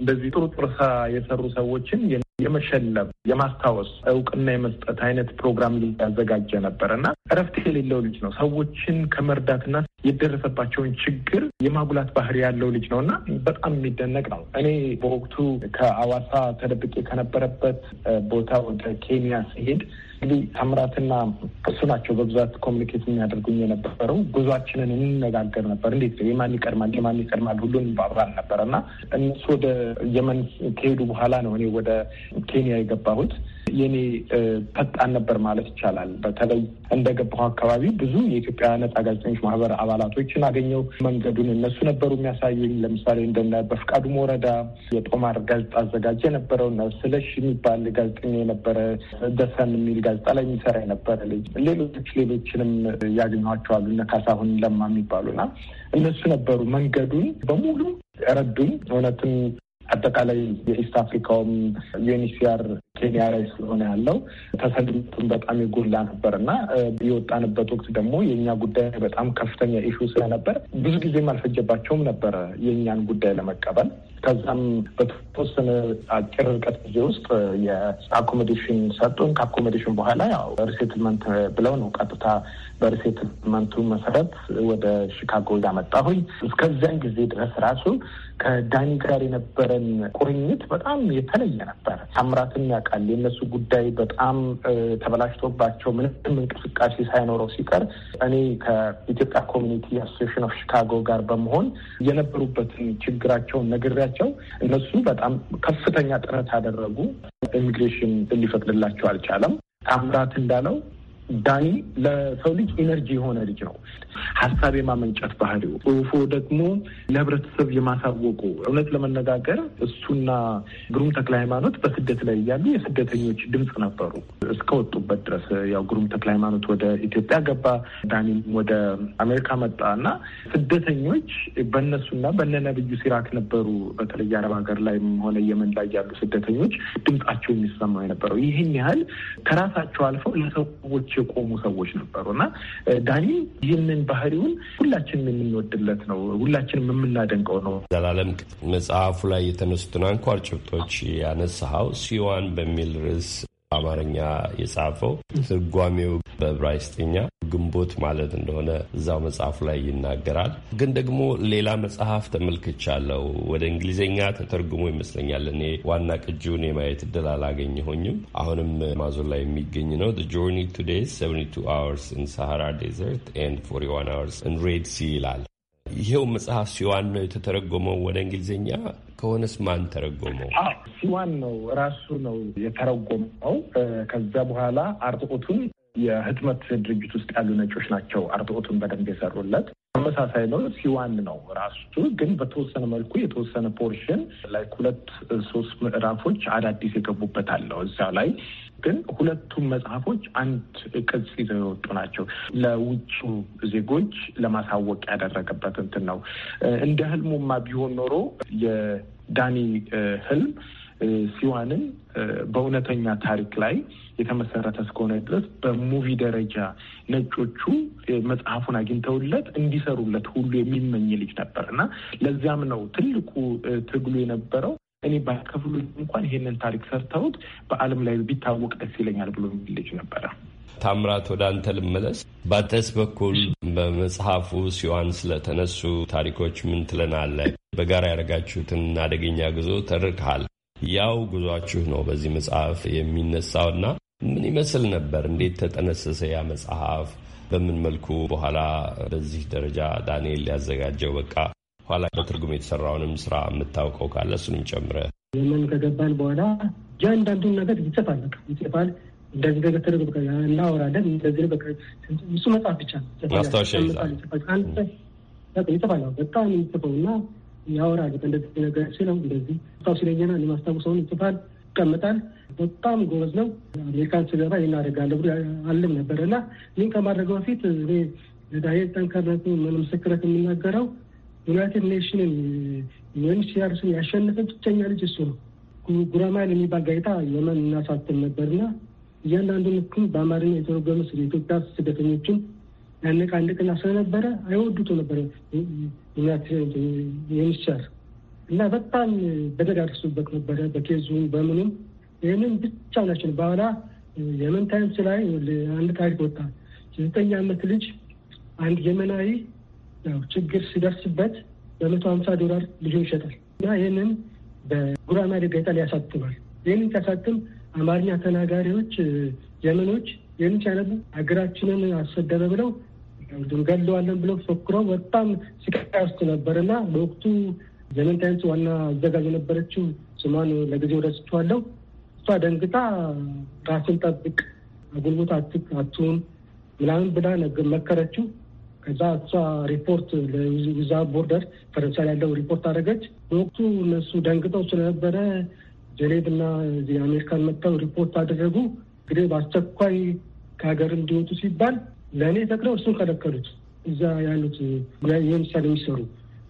እንደዚህ ጥሩ ጥሩ ስራ የሰሩ ሰዎችን የመሸለም የማስታወስ እውቅና የመስጠት አይነት ፕሮግራም ያዘጋጀ ነበር እና እረፍት የሌለው ልጅ ነው። ሰዎችን ከመርዳትና የደረሰባቸውን ችግር የማጉላት ባህሪ ያለው ልጅ ነው እና በጣም የሚደነቅ ነው። እኔ በወቅቱ ከአዋሳ ተደብቄ ከነበረበት ቦታ ወደ ኬንያ ሲሄድ እንግዲህ አምራትና እሱ ናቸው በብዛት ኮሚኒኬት የሚያደርጉኝ የነበረው። ጉዟችንን እንነጋገር ነበር። እንዴት ነው የማን ይቀድማል የማን ይቀድማል ሁሉንም ባብራን ነበር እና እነሱ ወደ የመን ከሄዱ በኋላ ነው እኔ ወደ ኬንያ የገባሁት። የኔ ፈጣን ነበር ማለት ይቻላል። በተለይ እንደገባሁ አካባቢ ብዙ የኢትዮጵያ ነጻ ጋዜጠኞች ማህበር አባላቶችን አገኘው። መንገዱን እነሱ ነበሩ የሚያሳዩኝ። ለምሳሌ እንደነ በፍቃዱ ወረዳ የጦማር ጋዜጣ አዘጋጅ የነበረው ስለሽ የሚባል ጋዜጠኛ የነበረ ደሰን የሚል ጋዜጣ ላይ የሚሰራ የነበረ ልጅ፣ ሌሎች ሌሎችንም ያገኟቸዋሉ እነ ካሳሁን ለማ የሚባሉና እነሱ ነበሩ መንገዱን በሙሉ ረዱኝ። እውነትም አጠቃላይ የኢስት አፍሪካውም ዩኤንኤችሲአር ኬንያ ላይ ስለሆነ ያለው ተሰድቱን በጣም የጎላ ነበር እና የወጣንበት ወቅት ደግሞ የእኛ ጉዳይ በጣም ከፍተኛ ኢሹ ስለነበር ብዙ ጊዜም አልፈጀባቸውም ነበረ የእኛን ጉዳይ ለመቀበል። ከዛም በተወሰነ አጭር ርቀት ጊዜ ውስጥ የአኮሞዴሽን ሰጡን። ከአኮሞዴሽን በኋላ ያው ሪሴትልመንት ብለው ነው ቀጥታ በሪሴትልመንቱ መሰረት ወደ ሺካጎ ያመጣሁኝ። እስከዚያን ጊዜ ድረስ ራሱ ከዳኒ ጋር የነበረን ቁርኝት በጣም የተለየ ነበር ታምራትን ያውቃል። የእነሱ ጉዳይ በጣም ተበላሽቶባቸው ምንም እንቅስቃሴ ሳይኖረው ሲቀር እኔ ከኢትዮጵያ ኮሚኒቲ አሶሴሽን ኦፍ ሺካጎ ጋር በመሆን የነበሩበትን ችግራቸውን ነግሬያቸው እነሱ በጣም ከፍተኛ ጥረት አደረጉ። ኢሚግሬሽን ሊፈቅድላቸው አልቻለም። ታምራት እንዳለው ዳኒ ለሰው ልጅ ኢነርጂ የሆነ ልጅ ነው። ሀሳብ የማመንጨት ባህሪው፣ ጽሁፎ ደግሞ ለህብረተሰብ የማሳወቁ እውነት ለመነጋገር እሱና ግሩም ተክለ ሃይማኖት በስደት ላይ እያሉ የስደተኞች ድምፅ ነበሩ እስከወጡበት ድረስ። ያው ግሩም ተክለ ሃይማኖት ወደ ኢትዮጵያ ገባ፣ ዳኒም ወደ አሜሪካ መጣ እና ስደተኞች በእነሱና ነብዩ ሲራክ ነበሩ። በተለይ አረብ ሀገር ላይ ሆነ የመን ላይ ያሉ ስደተኞች ድምጻቸው የሚሰማው የነበረው ይህን ያህል ከራሳቸው አልፈው ለሰዎች የቆሙ ሰዎች ነበሩ እና ዳኒ ይህንን ባህሪውን ሁላችንም የምንወድለት ነው፣ ሁላችንም የምናደንቀው ነው። ዘላለም መጽሐፉ ላይ የተነሱትን አንኳር ጭብጦች ያነሳኸው ሲዋን በሚል ርዕስ በአማርኛ የጻፈው ትርጓሜው በዕብራይስጥኛ ግንቦት ማለት እንደሆነ እዛው መጽሐፍ ላይ ይናገራል። ግን ደግሞ ሌላ መጽሐፍ ተመልክቻለሁ። ወደ እንግሊዝኛ ተተርጉሞ ይመስለኛል። እኔ ዋና ቅጂውን የማየት እድል አላገኘሁኝም። አሁንም አማዞን ላይ የሚገኝ ነው። ዘ ጆርኒ ቱ 72 hours in Sahara Desert 41 ይላል። ይሄው መጽሐፍ ሲዋን ነው የተተረጎመው ወደ እንግሊዝኛ ከሆነስ ማን ተረጎመው? ሲዋን ነው ራሱ ነው የተረጎመው። ከዛ በኋላ አርትኦቱን የህትመት ድርጅት ውስጥ ያሉ ነጮች ናቸው አርትኦቱን በደንብ የሰሩለት። ተመሳሳይ ነው። ሲዋን ነው ራሱ ግን በተወሰነ መልኩ የተወሰነ ፖርሽን ላይ ሁለት ሶስት ምዕራፎች አዳዲስ የገቡበት አለው እዛ ላይ ግን ሁለቱም መጽሐፎች አንድ ቅጽ ይዘው የወጡ ናቸው። ለውጩ ዜጎች ለማሳወቅ ያደረገበት እንትን ነው። እንደ ህልሙማ ቢሆን ኖሮ የዳኒ ህልም ሲዋንን በእውነተኛ ታሪክ ላይ የተመሰረተ እስከሆነ ድረስ በሙቪ ደረጃ ነጮቹ መጽሐፉን አግኝተውለት እንዲሰሩለት ሁሉ የሚመኝ ልጅ ነበር እና ለዚያም ነው ትልቁ ትግሉ የነበረው እኔ ባከፍሉ እንኳን ይሄንን ታሪክ ሰርተውት በዓለም ላይ ቢታወቅ ደስ ይለኛል ብሎ የሚል ልጅ ነበረ። ታምራት ወደ አንተ ልመለስ። በአንተስ በኩል በመጽሐፉ ሲዋን ስለተነሱ ታሪኮች ምን ትለናለህ? በጋራ ያደረጋችሁትን አደገኛ ጉዞ ተርከሃል። ያው ጉዟችሁ ነው በዚህ መጽሐፍ የሚነሳውና ምን ይመስል ነበር? እንዴት ተጠነሰሰ ያ መጽሐፍ? በምን መልኩ በኋላ በዚህ ደረጃ ዳንኤል ሊያዘጋጀው በቃ ኋላ በትርጉም የተሰራውንም ስራ የምታውቀው ካለ እሱንም ጨምረ የመን ከገባን በኋላ እያንዳንዱን ነገር ይጽፋል። በቃ ይጽፋል። እንደዚህ ነገር ተደርጎ እናወራለን። እንደዚህ እሱ መጽሐፍ ብቻ ማስታወሻ ይጽፋል። በጣም ይጽፈው እና ያወራል። እንደዚህ ነገር ሲለው እንደዚህ ታው ሲለኛና ማስታውሰውን ይጽፋል፣ ይቀምጣል። በጣም ጎበዝ ነው። አሜሪካን ስገባ ይህን አደርጋለሁ ብሎ አለም ነበር እና ይህን ከማድረገው በፊት ዳሄ ጠንከረት ምስክረት የሚናገረው ዩናይትድ ኔሽንን ዩኤንኤችሲአርን ያሸነፈ ብቸኛ ልጅ እሱ ነው። ጉራማይል የሚባል ጋዜጣ የመን እናሳትም ነበርና እያንዳንዱን እትም በአማርኛ የተረጎመ ስለ ኢትዮጵያ ስደተኞችን ያነቃንቅና ስለነበረ አይወዱት ነበረ ዩኤንኤችሲአር እና በጣም በተዳርሱበት ነበረ በኬዙ በምኑም ይህንን ብቻ ናቸው። በኋላ የመን ታይምስ ላይ አንድ ታሪክ ወጣ። የዘጠኝ ዓመት ልጅ አንድ የመናዊ ያው ችግር ሲደርስበት በመቶ ሀምሳ ዶላር ልጆ ይሸጣል እና ይህንን በጉራማይሌ ገጠል ያሳትማል። ይህንን ሲያሳትም አማርኛ ተናጋሪዎች ዘመኖች ይህን ሲያነቡ ሀገራችንን አሰደበ ብለው እንገለዋለን ብለው ፎክረው በጣም ስቃይ ውስጥ ነበር እና በወቅቱ ዘመን ታይምስ ዋና አዘጋጅ የነበረችው ስሟን ለጊዜው ረስቼዋለሁ። እሷ ደንግጣ ራስን ጠብቅ፣ አጉልቦት አትሁን ምናምን ብላ መከረችው። ከዛ እሷ ሪፖርት ለዊዛ ቦርደር ፈረንሳይ ያለው ሪፖርት አደረገች። በወቅቱ እነሱ ደንግጠው ስለነበረ ጀኔቭ እና አሜሪካን መጥተው ሪፖርት አደረጉ። እንግዲህ በአስቸኳይ ከሀገር እንዲወጡ ሲባል ለእኔ ተክለው እሱን ከለከሉት። እዛ ያሉት የምሳሌ የሚሰሩ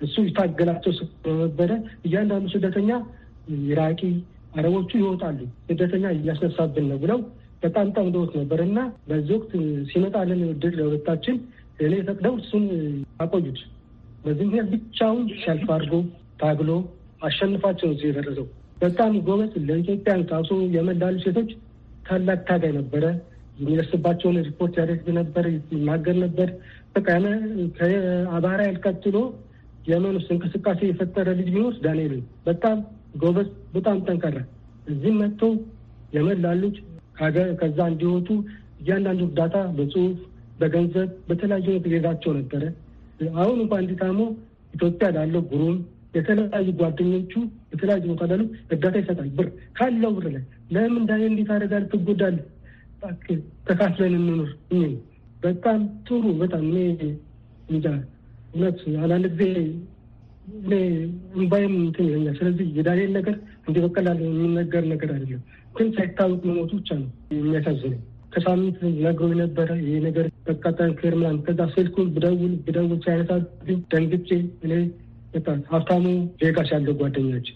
እሱ ይታገላቸው ስለነበረ እያንዳንዱ ስደተኛ ኢራቂ አረቦቹ ይወጣሉ፣ ስደተኛ እያስነሳብን ነው ብለው በጣም ጠምደውት ነበር እና በዚህ ወቅት ሲመጣልን ድል ለሁለታችን ሌላ የፈቅደው እሱን አቆዩት። በዚህ ምክንያት ብቻውን ሰልፍ አድርጎ ታግሎ አሸንፋቸው እዚህ የደረሰው በጣም ጎበዝ፣ ለኢትዮጵያ ታሱ የመላሉ ሴቶች ታላቅ ታጋይ ነበረ። የሚደርስባቸውን ሪፖርት ያደርግ ነበር፣ ይናገር ነበር። በቃ ከአባራ ያልቀጥሎ የመን ውስጥ እንቅስቃሴ የፈጠረ ልጅ ቢኖር ዳንኤል በጣም ጎበዝ፣ በጣም ጠንካራ። እዚህም መጥተው የመላሉች ከዛ እንዲወጡ እያንዳንዱ እርዳታ በጽሁፍ በገንዘብ በተለያዩ የተገዛቸው ነበረ። አሁን እንኳ እንዲታሞ ኢትዮጵያ ላለው ጉሩም የተለያዩ ጓደኞቹ የተለያዩ ቦታ ላሉ እርዳታ ይሰጣል። ብር ካለው ብር ላይ ለምን እንዳይ እንዲህ ታደርጋለህ? ትጎዳለህ። ተካፍለን እንኑር። በጣም ጥሩ በጣም እኔ እንጃ እውነት አንዳንድ ጊዜ እኔ እምባይም እንትን ይለኛል። ስለዚህ የዳንኤል ነገር እንዲህ በቀላል የሚነገር ነገር አይደለም፣ ግን ሳይታወቅ መሞቱ ብቻ ነው የሚያሳዝነኝ። ከሳምንት ነግሮ የነበረ ይህ ነገር በቃጣይ ክር ከዛ ስልኩን ብደውል ብደውል ሳይነሳ ደንግጬ እኔ በጣም ሀብታሙ ቬጋስ ያለው ጓደኞች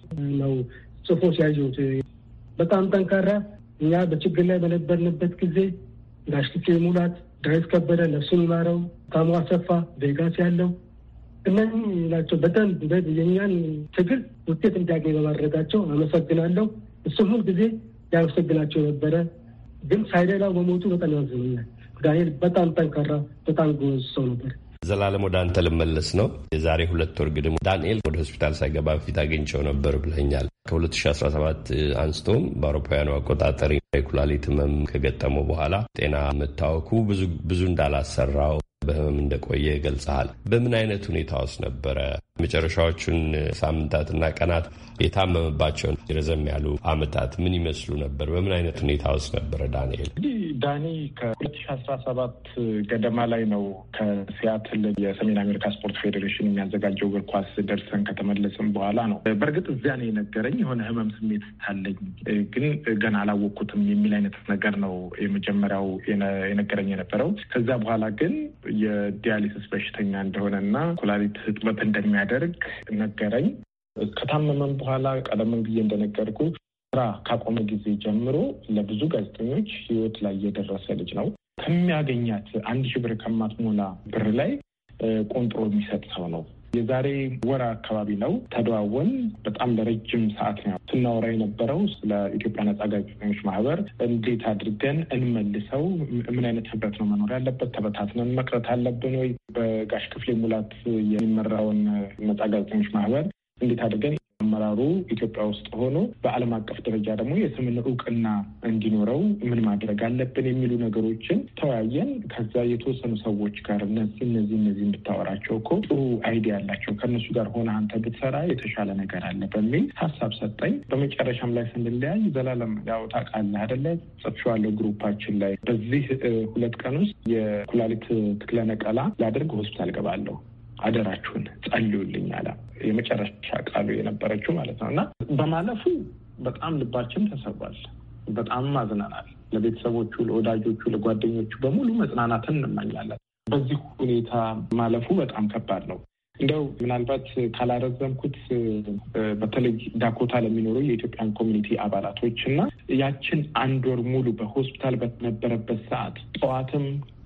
ነው ጽፎ ሲያዩት በጣም ጠንካራ እኛ በችግር ላይ በነበርንበት ጊዜ ጋሽክቼ ሙላት፣ ድረስ ከበደ፣ ነፍሱን ይማረው፣ ታሙ አሰፋ፣ ቬጋስ ያለው እነዚህ ናቸው። በጣም የኛን ትግል ውጤት እንዲያገኝ በማድረጋቸው አመሰግናለሁ። እሱም ሁል ጊዜ ያመሰግናቸው ነበረ። ግን ሳይደላ በሞቱ በጣም ያዝኛል። ዳንኤል በጣም ጠንካራ፣ በጣም ጎበዝ ሰው ነበር። ዘላለም ወደ አንተ ልመለስ ነው። የዛሬ ሁለት ወር ግድም ዳንኤል ወደ ሆስፒታል ሳይገባ በፊት አግኝቸው ነበር ብለኛል። ከ2017 አንስቶም በአውሮፓውያኑ አቆጣጠር የኩላሊት ህመም ከገጠመው በኋላ ጤና መታወኩ ብዙ እንዳላሰራው በህመም እንደቆየ ይገልጸሃል። በምን አይነት ሁኔታ ውስጥ ነበረ? መጨረሻዎቹን ሳምንታትና ቀናት የታመመባቸውን ረዘም ያሉ አመታት ምን ይመስሉ ነበር? በምን አይነት ሁኔታ ውስጥ ነበረ ዳንኤል? እንግዲህ ዳኒ ከ2017 ገደማ ላይ ነው ከሲያትል የሰሜን አሜሪካ ስፖርት ፌዴሬሽን የሚያዘጋጀው እግር ኳስ ደርሰን ከተመለስም በኋላ ነው። በእርግጥ እዚያ ነው የነገረኝ የሆነ ህመም ስሜት አለኝ፣ ግን ገና አላወቅኩትም የሚል አይነት ነገር ነው የመጀመሪያው የነገረኝ የነበረው። ከዛ በኋላ ግን የዲያሊሲስ በሽተኛ እንደሆነና ኩላሊት ህጥበት እንደሚያደርግ ነገረኝ። ከታመመም በኋላ ቀደምን ብዬ እንደነገርኩ ስራ ካቆመ ጊዜ ጀምሮ ለብዙ ጋዜጠኞች ህይወት ላይ የደረሰ ልጅ ነው። ከሚያገኛት አንድ ሺህ ብር ከማትሞላ ብር ላይ ቆንጥሮ የሚሰጥ ሰው ነው። የዛሬ ወር አካባቢ ነው ተደዋወን በጣም ለረጅም ሰዓት ነው ስናወራ የነበረው ስለ ኢትዮጵያ ነጻ ጋዜጠኞች ማህበር እንዴት አድርገን እንመልሰው፣ ምን አይነት ህብረት ነው መኖር ያለበት፣ ተበታትነን መቅረት አለብን ወይ? በጋሽ ክፍሌ ሙላት የሚመራውን ነጻ ጋዜጠኞች ማህበር እንዴት አድርገን አመራሩ ኢትዮጵያ ውስጥ ሆኖ በዓለም አቀፍ ደረጃ ደግሞ የስምን እውቅና እንዲኖረው ምን ማድረግ አለብን የሚሉ ነገሮችን ተወያየን። ከዛ የተወሰኑ ሰዎች ጋር እነዚህ እነዚህ እነዚህ ብታወራቸው እኮ ጥሩ አይዲያ አላቸው ከእነሱ ጋር ሆነ አንተ ብትሰራ የተሻለ ነገር አለ በሚል ሀሳብ ሰጠኝ። በመጨረሻም ላይ ስንለያይ ዘላለም ያው ታውቃለህ አይደለ ጽፌዋለሁ ግሩፓችን ላይ በዚህ ሁለት ቀን ውስጥ የኩላሊት ትክለነቀላ ነቀላ ላደርግ ሆስፒታል ገባለሁ አደራችሁን ጸልዩልኝ አለ። የመጨረሻ ቃሉ የነበረችው ማለት ነው እና በማለፉ በጣም ልባችን ተሰብሯል። በጣም አዝነናል። ለቤተሰቦቹ፣ ለወዳጆቹ፣ ለጓደኞቹ በሙሉ መጽናናትን እንመኛለን። በዚህ ሁኔታ ማለፉ በጣም ከባድ ነው። እንደው ምናልባት ካላረዘምኩት በተለይ ዳኮታ ለሚኖሩ የኢትዮጵያን ኮሚኒቲ አባላቶች እና ያችን አንድ ወር ሙሉ በሆስፒታል በነበረበት ሰዓት ጠዋትም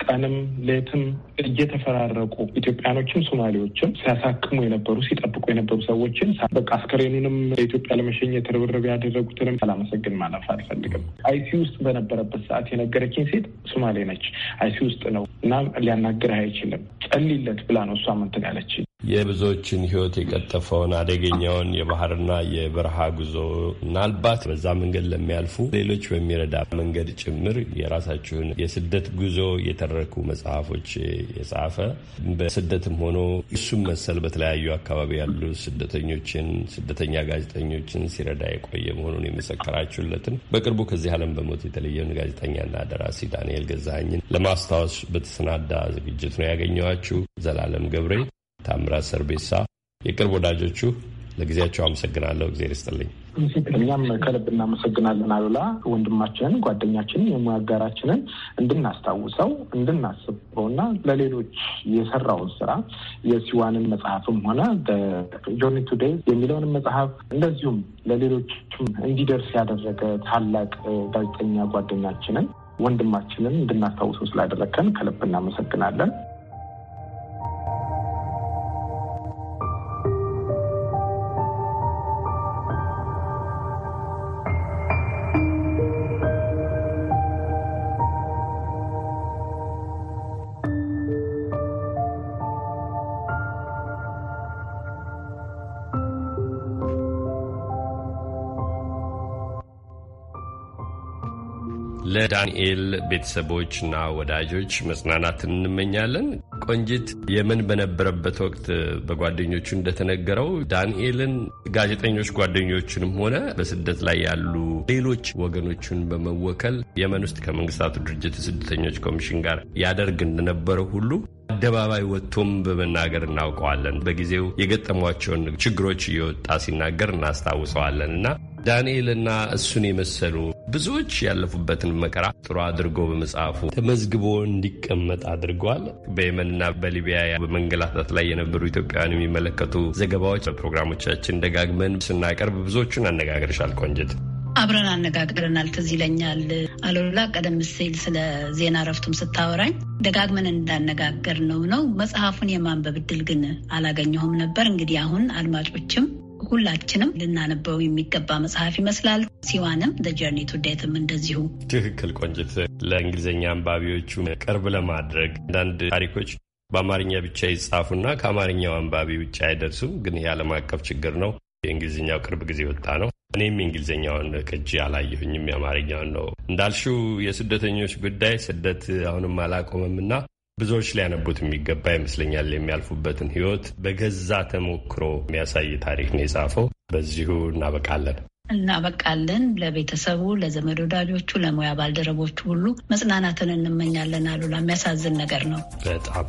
ቀንም ሌትም እየተፈራረቁ ኢትዮጵያኖችም ሶማሌዎችም ሲያሳክሙ የነበሩ ሲጠብቁ የነበሩ ሰዎችን በቃ አስከሬኑንም ለኢትዮጵያ ለመሸኘት ርብርብ ያደረጉትንም ሳላመሰግን ማለፍ አልፈልግም። አይሲ ውስጥ በነበረበት ሰዓት የነገረችኝ ሴት ሶማሌ ነች። አይሲ ውስጥ ነው እና ሊያናግርህ አይችልም ጸልይለት ብላ ነው እሷ ምንትን ያለችኝ። የብዙዎችን ሕይወት የቀጠፈውን አደገኛውን የባህርና የበረሃ ጉዞ ምናልባት በዛ መንገድ ለሚያልፉ ሌሎች በሚረዳ መንገድ ጭምር የራሳችሁን የስደት ጉዞ የተ የተተረኩ መጽሐፎች የጻፈ በስደትም ሆኖ እሱም መሰል በተለያዩ አካባቢ ያሉ ስደተኞችን፣ ስደተኛ ጋዜጠኞችን ሲረዳ የቆየ መሆኑን የመሰከራችሁለትን በቅርቡ ከዚህ ዓለም በሞት የተለየውን ጋዜጠኛና ደራሲ ዳንኤል ገዛኝን ለማስታወስ በተሰናዳ ዝግጅት ነው ያገኘኋችሁ። ዘላለም ገብሬ፣ ታምራት ሰርቤሳ የቅርብ ወዳጆቹ፣ ለጊዜያቸው አመሰግናለሁ። እግዜር ይስጥልኝ። እኛም ከልብ እናመሰግናለን አሉላ ወንድማችንን፣ ጓደኛችንን፣ የሙያ አጋራችንን እንድናስታውሰው እንድናስበውና ለሌሎች የሰራውን ስራ የሲዋንን መጽሐፍም ሆነ ጆርኒ ቱዴ የሚለውንም መጽሐፍ እንደዚሁም ለሌሎችም እንዲደርስ ያደረገ ታላቅ ጋዜጠኛ ጓደኛችንን ወንድማችንን እንድናስታውሰው ስላደረከን ከልብ እናመሰግናለን። ለዳንኤል ቤተሰቦችና ወዳጆች መጽናናትን እንመኛለን። ቆንጂት የመን በነበረበት ወቅት በጓደኞቹ እንደተነገረው ዳንኤልን ጋዜጠኞች ጓደኞቹንም ሆነ በስደት ላይ ያሉ ሌሎች ወገኖቹን በመወከል የመን ውስጥ ከመንግስታቱ ድርጅት የስደተኞች ኮሚሽን ጋር ያደርግ እንደነበረው ሁሉ አደባባይ ወጥቶም በመናገር እናውቀዋለን። በጊዜው የገጠሟቸውን ችግሮች እየወጣ ሲናገር እናስታውሰዋለን እና ዳንኤልና እሱን የመሰሉ ብዙዎች ያለፉበትን መከራ ጥሩ አድርጎ በመጽሐፉ ተመዝግቦ እንዲቀመጥ አድርጓል። በየመንና በሊቢያ በመንገላታት ላይ የነበሩ ኢትዮጵያውያን የሚመለከቱ ዘገባዎች በፕሮግራሞቻችን ደጋግመን ስናቀርብ ብዙዎቹን አነጋግርሻል ቆንጅት። አብረን አነጋግረናል። ትዝ ይለኛል አሉላ፣ ቀደም ሲል ስለ ዜና እረፍቱም ስታወራኝ ደጋግመን እንዳነጋገር ነው ነው መጽሐፉን የማንበብ እድል ግን አላገኘሁም ነበር። እንግዲህ አሁን አድማጮችም ሁላችንም ልናነበው የሚገባ መጽሐፍ ይመስላል። ሲዋንም ጀርኒ ቱዴትም እንደዚሁ ትክክል። ቆንጅት ለእንግሊዝኛ አንባቢዎቹ ቅርብ ለማድረግ አንዳንድ ታሪኮች በአማርኛ ብቻ ይጻፉና ከአማርኛው አንባቢ ውጭ አይደርሱም። ግን ይህ ዓለም አቀፍ ችግር ነው። የእንግሊዝኛው ቅርብ ጊዜ ወጣ ነው። እኔም የእንግሊዝኛውን ቅጂ አላየሁኝም፣ የአማርኛውን ነው። እንዳልሽው የስደተኞች ጉዳይ ስደት አሁንም አላቆመምና ብዙዎች ሊያነቡት የሚገባ ይመስለኛል። የሚያልፉበትን ህይወት በገዛ ተሞክሮ የሚያሳይ ታሪክ ነው የጻፈው። በዚሁ እናበቃለን እናበቃለን። ለቤተሰቡ፣ ለዘመድ ወዳጆቹ፣ ለሙያ ባልደረቦቹ ሁሉ መጽናናትን እንመኛለን። አሉላ የሚያሳዝን ነገር ነው በጣም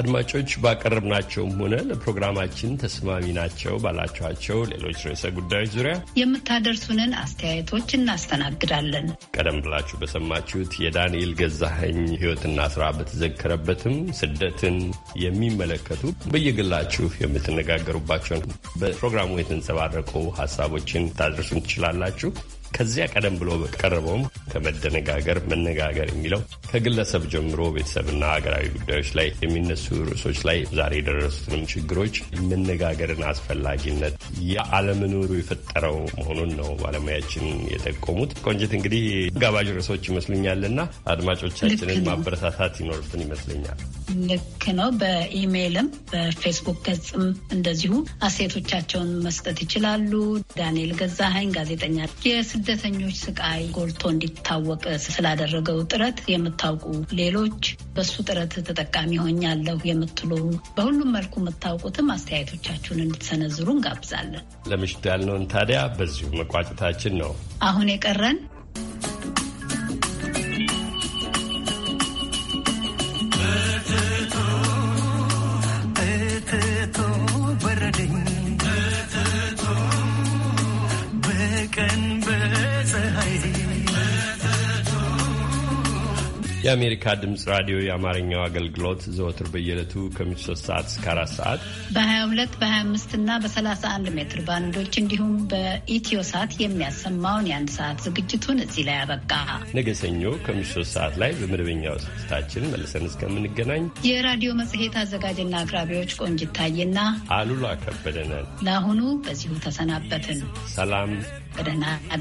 አድማጮች ባቀረብናቸውም ሆነ ለፕሮግራማችን ተስማሚ ናቸው ባላችኋቸው ሌሎች ርዕሰ ጉዳዮች ዙሪያ የምታደርሱንን አስተያየቶች እናስተናግዳለን። ቀደም ብላችሁ በሰማችሁት የዳንኤል ገዛኸኝ ሕይወትና ስራ በተዘከረበትም ስደትን የሚመለከቱ በየግላችሁ የምትነጋገሩባቸውን በፕሮግራሙ የተንጸባረቁ ሀሳቦችን ታደርሱን ትችላላችሁ። ከዚያ ቀደም ብሎ በቀረበውም ከመደነጋገር መነጋገር የሚለው ከግለሰብ ጀምሮ ቤተሰብና ሀገራዊ ጉዳዮች ላይ የሚነሱ ርዕሶች ላይ ዛሬ የደረሱትንም ችግሮች መነጋገርን አስፈላጊነት የአለመኖሩ የፈጠረው መሆኑን ነው ባለሙያችን የጠቆሙት። ቆንጅት እንግዲህ ጋባዥ ርዕሶች ይመስሉኛልና አድማጮቻችንን ማበረታታት ይኖርብን ይመስለኛል። ልክ ነው። በኢሜይልም በፌስቡክ ገጽም እንደዚሁ አስተያየቶቻቸውን መስጠት ይችላሉ። ዳንኤል ገዛሀኝ ጋዜጠኛ የስደተኞች ስቃይ ጎልቶ እንዲታወቅ ስላደረገው ጥረት የምታውቁ ሌሎች በሱ ጥረት ተጠቃሚ ሆኛለሁ የምትሉ በሁሉም መልኩ የምታውቁትም አስተያየቶቻችሁን እንድትሰነዝሩ እንጋብዛለን። ለምሽቱ ያልነውን ታዲያ በዚሁ መቋጨታችን ነው። አሁን የቀረን የአሜሪካ ድምፅ ራዲዮ የአማርኛው አገልግሎት ዘወትር በየዕለቱ ከምሽቱ 3 ሰዓት እስከ 4 ሰዓት በ22 በ25 እና በ31 ሜትር ባንዶች እንዲሁም በኢትዮ ሰዓት የሚያሰማውን የአንድ ሰዓት ዝግጅቱን እዚህ ላይ አበቃ። ነገ ሰኞ ከምሽቱ 3 ሰዓት ላይ በመደበኛው ስርጭታችን መልሰን እስከምንገናኝ የራዲዮ መጽሔት አዘጋጅና አቅራቢዎች ቆንጅ ታዬና አሉላ ከበደ ነን። ለአሁኑ በዚሁ ተሰናበትን። ሰላም፣ በደህና አደሩ።